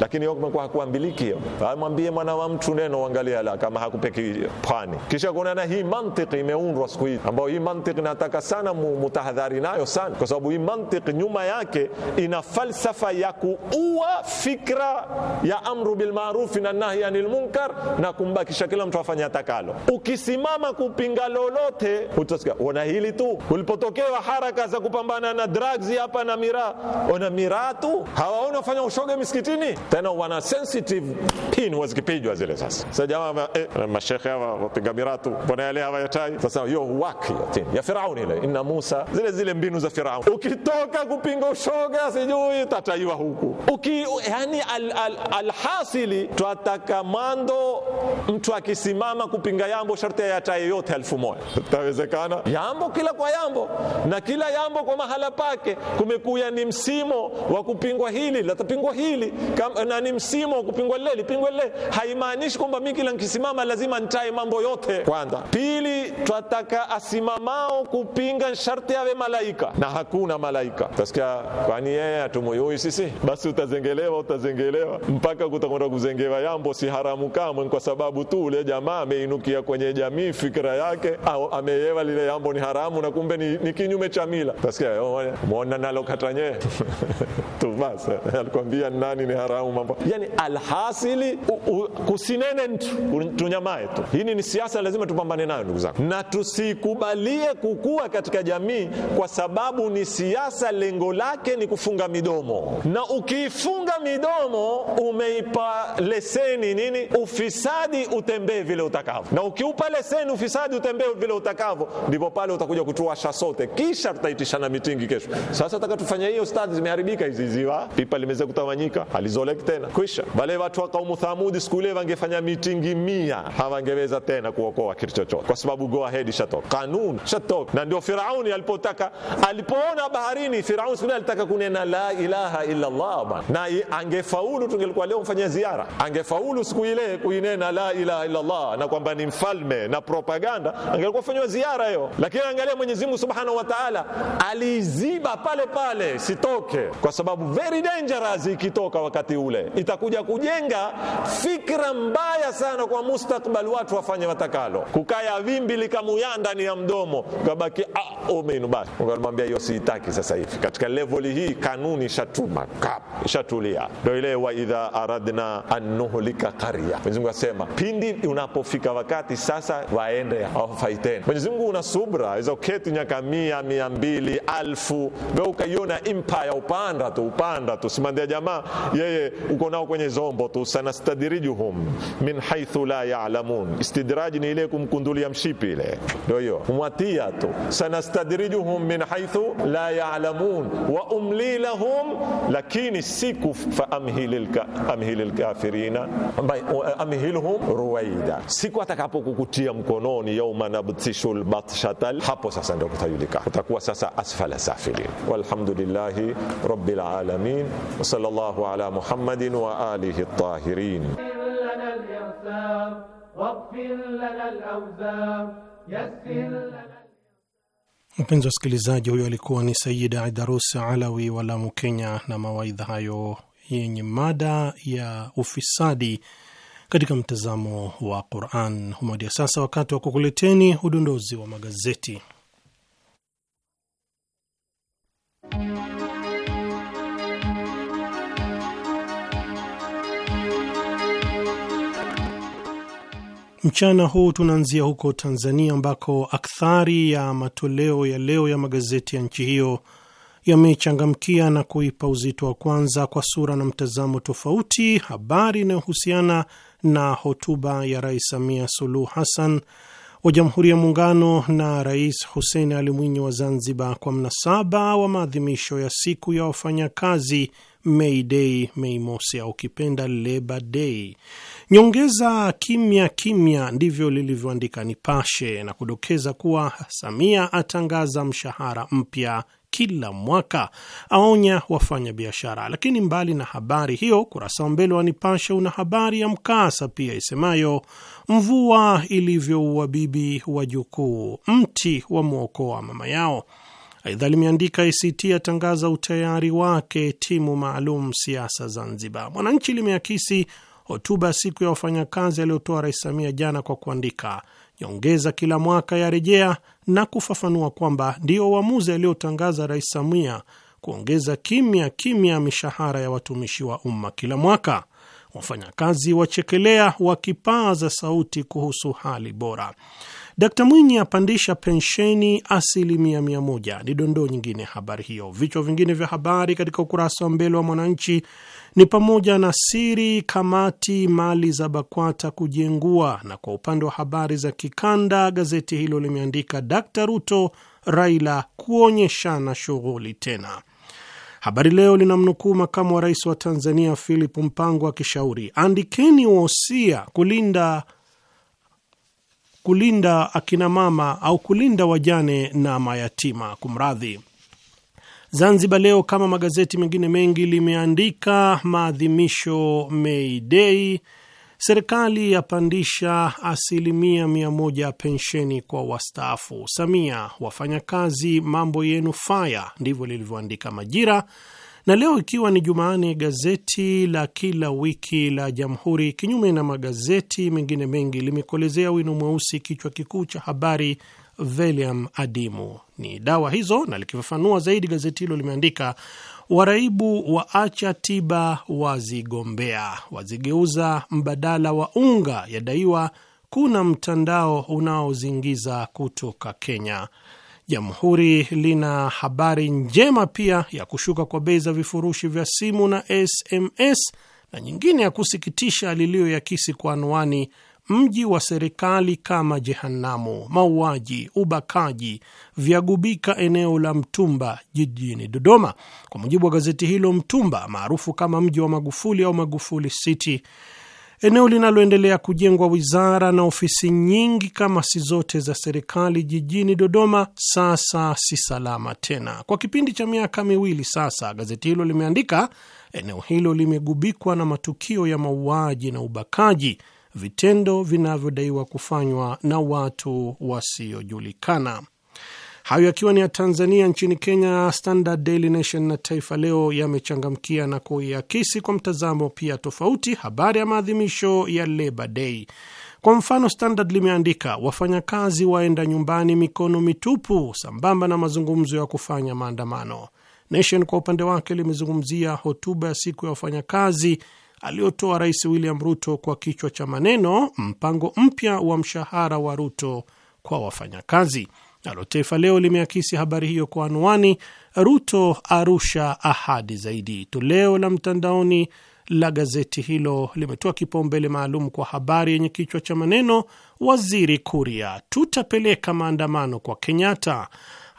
lakini kumekuwa hakuambiliki hiyo. Amwambie mwana wa mtu neno, angalia la kama hakupeki pwani. Kisha kuna na hii mantiki imeundwa siku hizi, ambayo hii mantiki nataka sana mutahadhari nayo sana, kwa sababu hii mantiki nyuma yake ina falsafa ya kuua fikra ya amru bilmarufi na nahi anil munkar na kumbakisha kila mtu afanye atakalo. Ukisimama kupinga lolote, utasikia ona hili tu. Ulipotokewa haraka za kupambana na drugs hapa na miraa, ona miraa tu, hawaona wafanya ushoga misikitini tena, wana sensitive pin wazikipijwa zile. Sasa sasa jamaa eh, mashekhe hawa wapiga miraa tu, mbona yale yatai? Sasa hiyo waki ya Firauni ile, inna Musa, zile zile mbinu za Firauni, ukitoka kupinga ushoga sijui tata uhai wa huku Uki, yani al, al, alhasili twataka mando mtu akisimama kupinga yambo sharti yataye yote elfu moja tawezekana yambo kila kwa yambo na kila yambo kwa mahala pake kumekuya ni msimo wa kupingwa hili latapingwa hili Kam, na ni msimo wa kupingwa lile lipingwe lile haimaanishi kwamba mi kila nkisimama lazima ntaye mambo yote kwanza pili twataka asimamao kupinga sharti awe malaika na hakuna malaika tasikia kwani yeye atumuyui sisi, basi utazengelewa, utazengelewa mpaka kutakwenda kuzengewa yambo si haramu kamwe, kwa sababu tu ule jamaa ameinukia kwenye jamii, fikira yake au ameyewa lile yambo ni haramu, na kumbe ni, ni kinyume cha mila. Tasikia mwona nalo katanye tu alikwambia nani ni haramu mambo, yani alhasili u, u, kusinene ntu tunyamae tu. Hini ni siasa, lazima tupambane nayo ndugu zangu, na tusikubalie kukua katika jamii, kwa sababu ni siasa, lengo lake ni kufunga midomo na ukiifunga midomo umeipa leseni nini? Ufisadi utembee vile utakavyo, na ukiupa leseni ufisadi utembee vile utakavyo, ndipo pale utakuja kutuwasha sote, kisha tutaitishana mitingi kesho. Sasa taka tufanya hiyo, stadi, zimeharibika hizi ziwa, pipa limeweza kutawanyika, alizoleki tena. Kwisha wale watu wa kaumu Thamudi, siku ile wangefanya mitingi mia, hawangeweza tena kuokoa kitu chochote, kwa sababu go ahead shatoka, kanuni shatoka. Na ndio Firauni alipotaka, alipoona baharini, Firauni siku ile alitaka kunena la ilaha ilaha illa Allah bwana. Na angefaulu tungelikuwa leo mfanya ziara, angefaulu siku ile kuinena la ilaha illa Allah na kwamba ni mfalme na propaganda, angelikuwa fanywa ziara hiyo. Lakini angalia Mwenyezi Mungu Subhanahu wa Ta'ala aliziba pale pale, sitoke, kwa sababu very dangerous ikitoka wakati ule itakuja kujenga fikra mbaya sana kwa mustakbal, watu wafanye watakalo, kukaya vimbi likamuya ndani ya mdomo kabaki ah, umeinuba. Ukamwambia hiyo siitaki sasa hivi katika level hii, kanuni shatu makab, ishatulia. Ndo ile wa idha aradna an nuhlika qarya, Mwenyezi Mungu asema pindi unapofika wakati sasa waende hawafai tena. Mwenyezi Mungu una subra, iza uketi nyaka mia mia mbili alfu ve ukaiona empire upanda tu upanda tu, simandia jamaa yeye uko nao kwenye zombo tu. sanastadirijuhum min haithu la ya'lamun, istidraji ni ile kumkundulia mshipi ile, ndo hiyo umwatia tu. sanastadirijuhum min haithu la ya'lamun wa umli lahum lakini si amhilil kafirina eh, amhilhum ruwaida, siku atakapokukutia mkononi, yauma nabtishu lbatshatal, hapo sasa ndio kutajulikana, utakuwa sasa asfala safilin. Walhamdulillahi rabbil alamin wa sallallahu ala muhammadin wa alihi tahirin. واغفر لنا الأوزار يسر لنا Mpenzi wa sikilizaji huyo alikuwa ni Sayida Idarus Alawi wa Lamu, Kenya, na mawaidha hayo yenye mada ya ufisadi katika mtazamo wa Quran. Humadia sasa, wakati wa kukuleteni udondozi wa magazeti Mchana huu tunaanzia huko Tanzania ambako akthari ya matoleo ya leo ya magazeti ya nchi hiyo yamechangamkia na kuipa uzito wa kwanza kwa sura na mtazamo tofauti habari inayohusiana na hotuba ya Rais Samia Suluhu Hassan wa Jamhuri ya Muungano na Rais Hussein Ali Mwinyi wa Zanzibar kwa mnasaba wa maadhimisho ya siku ya wafanyakazi May Day, Mei Mosi au kipenda Labor Day. Nyongeza kimya kimya, ndivyo lilivyoandika Nipashe na kudokeza kuwa Samia atangaza mshahara mpya kila mwaka, aonya wafanya biashara. Lakini mbali na habari hiyo, kurasa wa mbele wa Nipashe una habari ya mkasa pia isemayo mvua wa wajukuu, mti wamwokoa mama yao. Aidha limeandika ACT atangaza utayari wake timu maalum siasa Zanzibar. Mwananchi limeakisi hotuba ya siku ya wafanyakazi aliyotoa Rais Samia jana kwa kuandika nyongeza kila mwaka ya rejea na kufafanua kwamba ndiyo uamuzi aliyotangaza Rais Samia kuongeza kimya kimya mishahara ya watumishi wa umma kila mwaka. Wafanyakazi wachekelea wakipaza sauti kuhusu hali bora. Dkt Mwinyi apandisha pensheni asilimia mia moja ni dondoo nyingine habari hiyo. Vichwa vingine vya habari katika ukurasa wa mbele wa Mwananchi ni pamoja na siri kamati mali za BAKWATA kujengua, na kwa upande wa habari za kikanda gazeti hilo limeandika Dkt Ruto Raila kuonyeshana shughuli tena. Habari Leo linamnukuu makamu wa rais wa Tanzania Philip Mpango akishauri andikeni wosia kulinda kulinda akina mama au kulinda wajane na mayatima. Kumradhi, Zanzibar Leo kama magazeti mengine mengi limeandika maadhimisho Mei Dei, serikali yapandisha asilimia mia moja pensheni kwa wastaafu. Samia, wafanyakazi mambo yenu faya, ndivyo lilivyoandika Majira na leo ikiwa ni Jumanne, gazeti la kila wiki la Jamhuri, kinyume na magazeti mengine mengi, limekolezea wino mweusi kichwa kikuu cha habari Valium adimu ni dawa hizo, na likifafanua zaidi, gazeti hilo limeandika waraibu waacha tiba wazigombea, wazigeuza mbadala wa unga, yadaiwa kuna mtandao unaozingiza kutoka Kenya. Jamhuri lina habari njema pia ya kushuka kwa bei za vifurushi vya simu na SMS na nyingine ya kusikitisha liliyoyakisi kwa anwani mji wa serikali kama jehanamu, mauaji, ubakaji vyagubika eneo la Mtumba jijini Dodoma. Kwa mujibu wa gazeti hilo, Mtumba maarufu kama mji wa Magufuli au Magufuli City eneo linaloendelea kujengwa wizara na ofisi nyingi kama si zote za serikali jijini Dodoma sasa si salama tena. Kwa kipindi cha miaka miwili sasa, gazeti hilo limeandika, eneo hilo limegubikwa na matukio ya mauaji na ubakaji, vitendo vinavyodaiwa kufanywa na watu wasiojulikana. Hayo yakiwa ni ya Tanzania. Nchini Kenya, Standard, Daily Nation na Taifa Leo yamechangamkia na kuiakisi kwa mtazamo pia tofauti habari ya maadhimisho ya Labor Day. Kwa mfano, Standard limeandika wafanyakazi waenda nyumbani mikono mitupu sambamba na mazungumzo ya kufanya maandamano. Nation kwa upande wake limezungumzia hotuba ya siku ya wafanyakazi aliyotoa Rais William Ruto kwa kichwa cha maneno mpango mpya wa mshahara wa Ruto kwa wafanyakazi. Nalo Taifa Leo limeakisi habari hiyo kwa anwani Ruto arusha ahadi zaidi. Toleo la mtandaoni la gazeti hilo limetoa kipaumbele maalum kwa habari yenye kichwa cha maneno waziri Kuria, tutapeleka maandamano kwa Kenyatta.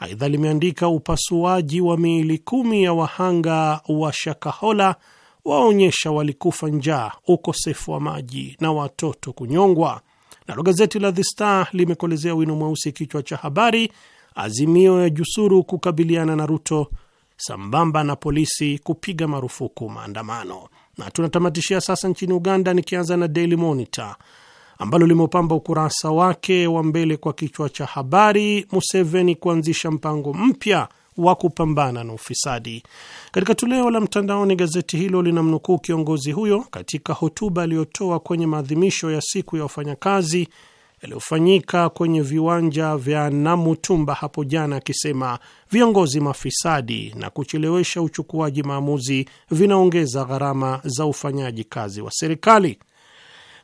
Aidha limeandika upasuaji wa miili kumi ya wahanga wa Shakahola waonyesha walikufa njaa, ukosefu wa maji na watoto kunyongwa. Nalo gazeti la The Star limekolezea wino mweusi kichwa cha habari, azimio ya jusuru kukabiliana na Ruto sambamba na polisi kupiga marufuku maandamano. Na tunatamatishia sasa nchini Uganda, nikianza na Daily Monitor ambalo limeupamba ukurasa wake wa mbele kwa kichwa cha habari, Museveni kuanzisha mpango mpya wa kupambana na ufisadi. Katika toleo la mtandaoni, gazeti hilo linamnukuu kiongozi huyo katika hotuba aliyotoa kwenye maadhimisho ya siku ya wafanyakazi yaliyofanyika kwenye viwanja vya Namutumba hapo jana, akisema viongozi mafisadi na kuchelewesha uchukuaji maamuzi vinaongeza gharama za ufanyaji kazi wa serikali.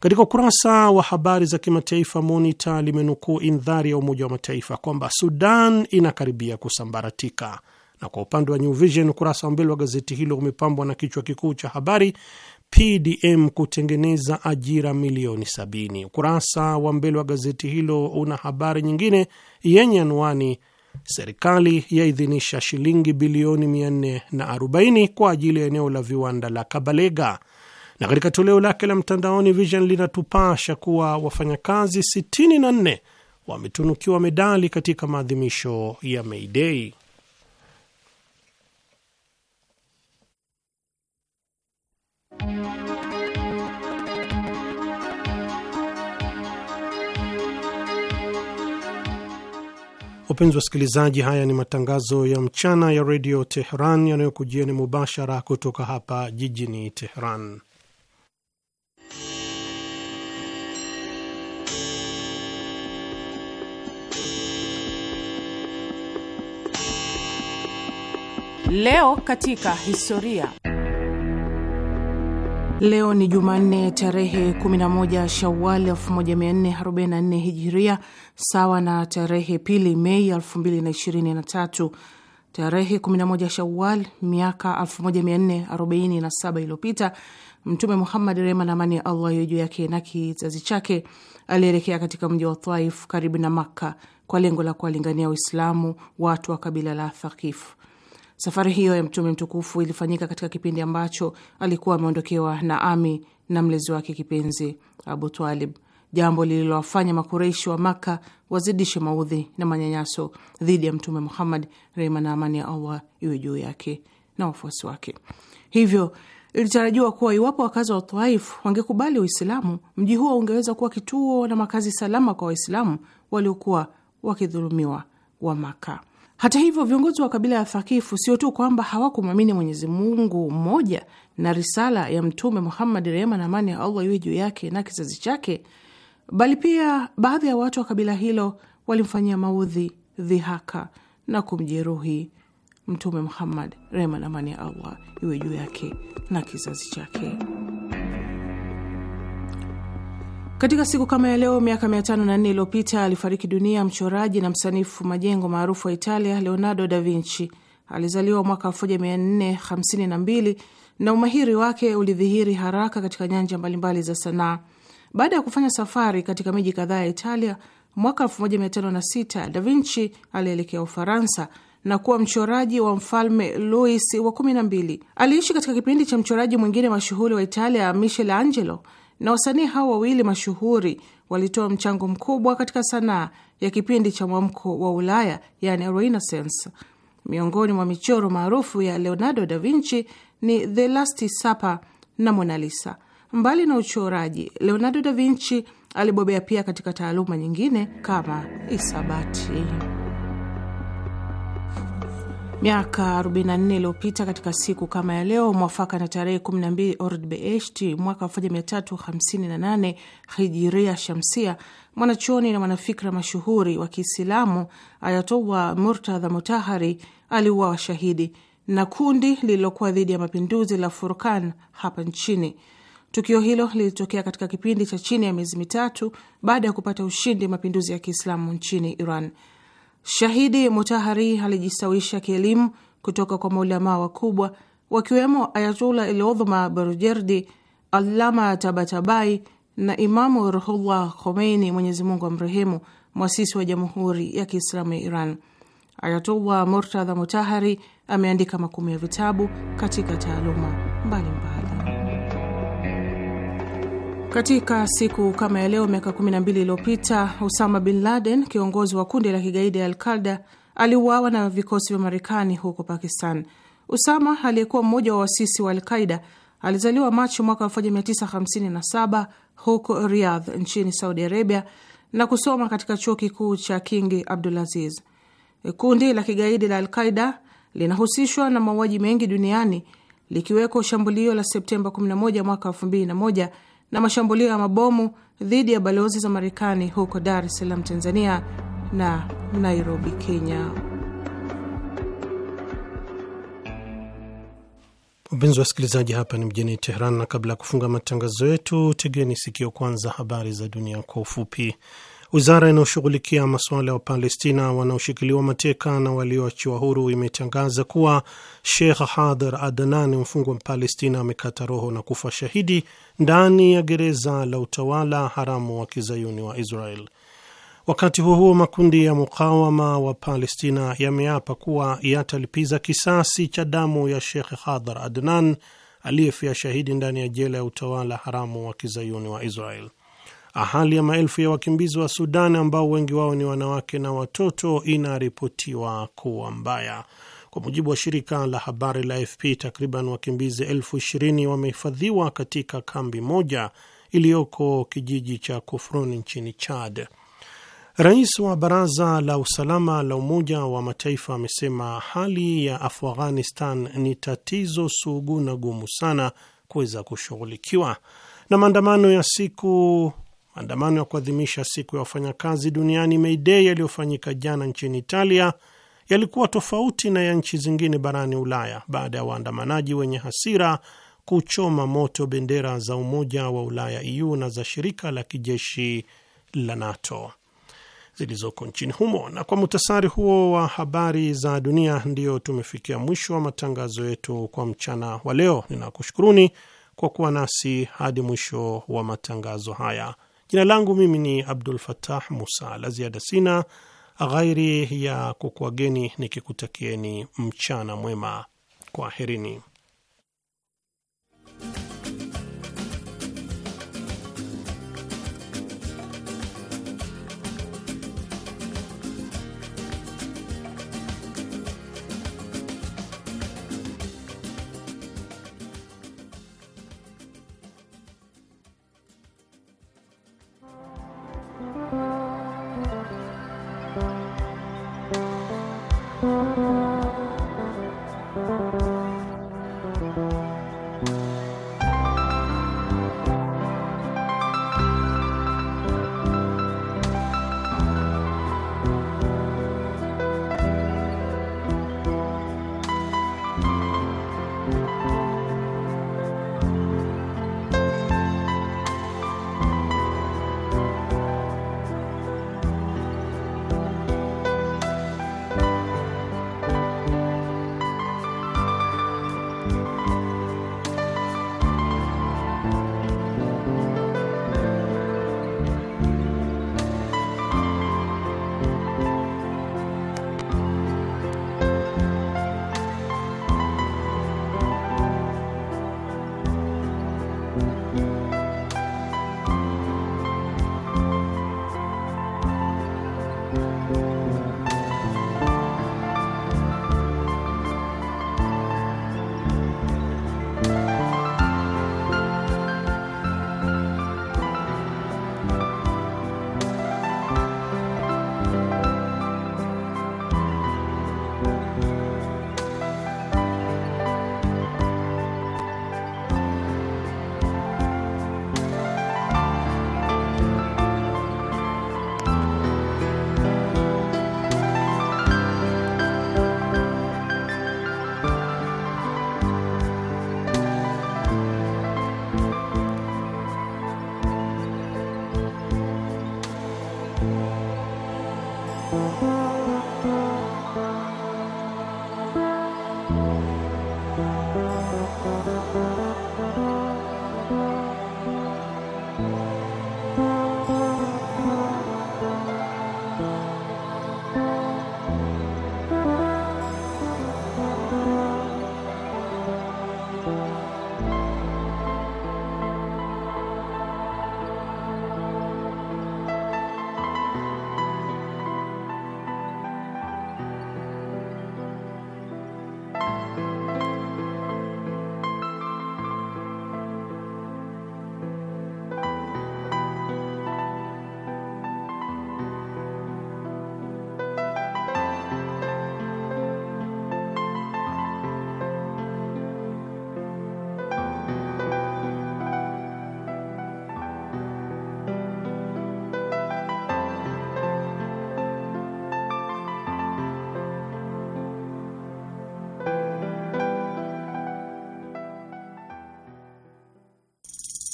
Katika ukurasa wa habari za kimataifa, Monita limenukuu indhari ya Umoja wa Mataifa kwamba Sudan inakaribia kusambaratika. Na kwa upande wa New Vision, ukurasa wa mbele wa gazeti hilo umepambwa na kichwa kikuu cha habari PDM kutengeneza ajira milioni sabini. Ukurasa wa mbele wa gazeti hilo una habari nyingine yenye anwani serikali yaidhinisha shilingi bilioni 440 kwa ajili ya eneo la viwanda la Kabalega. Na katika toleo lake la mtandaoni, Vision linatupasha kuwa wafanyakazi 64 wametunukiwa medali katika maadhimisho ya May Day. Wapenzi wasikilizaji, haya ni matangazo ya mchana ya redio Teheran yanayokujieni mubashara kutoka hapa jijini Teheran. Leo katika historia. Leo ni Jumanne tarehe 11 shawal 1444 Hijiria, sawa na tarehe pili Mei 2023. Tarehe 11 Shawal miaka 1447 iliyopita Mtume Muhammad, rehma na amani ya Allah iwe juu yake na kizazi chake, alielekea katika mji wa Thaif karibu na Makka kwa lengo la kuwalingania Waislamu watu wa kabila la Thakifu. Safari hiyo ya mtume mtukufu ilifanyika katika kipindi ambacho alikuwa ameondokewa na ami na mlezi wake kipenzi Abu Twalib, jambo lililowafanya Makureishi wa Maka wazidishe maudhi na manyanyaso dhidi ya Mtume Muhammad, rehma na amani ya Allah iwe juu yake na wafuasi wake. Hivyo ilitarajiwa kuwa iwapo wakazi wa Thaifu wangekubali Uislamu, mji huo ungeweza kuwa kituo na makazi salama kwa Waislamu waliokuwa wakidhulumiwa wa Maka. Hata hivyo, viongozi wa kabila ya Thakifu sio tu kwamba hawakumwamini Mwenyezi Mungu mmoja na risala ya Mtume Muhammad, rehema na amani ya Allah iwe juu yake na kizazi chake, bali pia baadhi ya watu wa kabila hilo walimfanyia maudhi, dhihaka na kumjeruhi Mtume Muhammad, rehema na amani ya Allah iwe juu yake na kizazi chake. Katika siku kama ya leo miaka nne iliyopita alifariki dunia mchoraji na msanifu majengo maarufu wa Italia, Leonardo da Vinci. Alizaliwa mwaka 1452 na umahiri wake ulidhihiri haraka katika nyanja mbalimbali za sanaa. Baada ya kufanya safari katika miji kadhaa ya Italia, mwaka 1506 da Vinci alielekea Ufaransa na kuwa mchoraji wa mfalme Louis wa 12. Aliishi katika kipindi cha mchoraji mwingine mashuhuri wa Italia, Michelangelo na wasanii hao wawili mashuhuri walitoa mchango mkubwa katika sanaa ya kipindi cha mwamko wa Ulaya, yani Renaissance. Miongoni mwa michoro maarufu ya Leonardo da Vinci ni The Last Supper na Mona Lisa. Mbali na uchoraji, Leonardo da Vinci alibobea pia katika taaluma nyingine kama isabati. Miaka 44 iliyopita katika siku kama ya leo, mwafaka na tarehe 12 Ordibeheshti mwaka 1358 hijiria shamsia, mwanachuoni na mwanafikra mashuhuri wa Kiislamu Ayatollah Murtadha Mutahari aliuawa shahidi na kundi lililokuwa dhidi ya mapinduzi la Furkan hapa nchini. Tukio hilo lilitokea katika kipindi cha chini ya miezi mitatu baada ya kupata ushindi mapinduzi ya Kiislamu nchini Iran. Shahidi Mutahari alijistawisha kielimu kutoka kwa maulamaa wakubwa wakiwemo Ayatullah Ilodhuma Borujerdi, Allama Tabatabai na Imamu Ruhullah Khomeini, Mwenyezi Mungu amrehemu, mwasisi wa Jamhuri ya Kiislamu ya Iran. Ayatullah Murtadha Mutahari ameandika makumi ya vitabu katika taaluma mbalimbali. Katika siku kama ya leo miaka 12 iliyopita Osama bin Laden, kiongozi wa kundi la kigaidi ya Alqaida, aliuawa na vikosi vya Marekani huko Pakistan. Usama aliyekuwa mmoja wa wasisi wa Alqaida alizaliwa Machi mwaka 1957 huko Riyadh nchini Saudi Arabia na kusoma katika chuo kikuu cha Kingi Abdulaziz. Kundi la kigaidi la Alqaida linahusishwa na mauaji mengi duniani likiweko shambulio la Septemba 11 mwaka 2001 na mashambulio ya mabomu dhidi ya balozi za Marekani huko Dar es Salaam, Tanzania na Nairobi, Kenya. Wapenzi wasikilizaji, hapa ni mjini Teheran, na kabla ya kufunga matangazo yetu, tegeni sikio kwanza habari za dunia kwa ufupi. Wizara inayoshughulikia masuala ya Wapalestina wanaoshikiliwa mateka na walioachiwa huru imetangaza kuwa Sheikh Hadhar Adnani, mfungwa Mpalestina, amekata roho na kufa shahidi ndani ya gereza la utawala haramu wa kizayuni wa Israel. Wakati huo huo, makundi ya mukawama wa Palestina yameapa kuwa yatalipiza kisasi cha damu ya Sheikh Hadhar Adnan aliyefia shahidi ndani ya jela ya utawala haramu wa kizayuni wa Israel. Ahali ya maelfu ya wakimbizi wa Sudan ambao wengi wao ni wanawake na watoto inaripotiwa kuwa mbaya. Kwa mujibu wa shirika la habari la AFP, takriban wakimbizi elfu ishirini wamehifadhiwa katika kambi moja iliyoko kijiji cha Kufrun nchini Chad. Rais wa Baraza la Usalama la Umoja wa Mataifa amesema hali ya Afghanistan ni tatizo sugu na gumu sana kuweza kushughulikiwa, na maandamano ya siku Maandamano ya kuadhimisha siku ya wafanyakazi duniani May Day yaliyofanyika jana nchini Italia yalikuwa tofauti na ya nchi zingine barani Ulaya baada ya waandamanaji wenye hasira kuchoma moto bendera za Umoja wa Ulaya EU na za shirika la kijeshi la NATO zilizoko nchini humo. Na kwa mutasari huo wa habari za dunia, ndiyo tumefikia mwisho wa matangazo yetu kwa mchana wa leo. Ninakushukuruni kwa kuwa nasi hadi mwisho wa matangazo haya. Jina langu mimi ni Abdul Fattah Musa. La ziada sina ghairi ya kukuageni nikikutakieni mchana mwema. Kwaherini.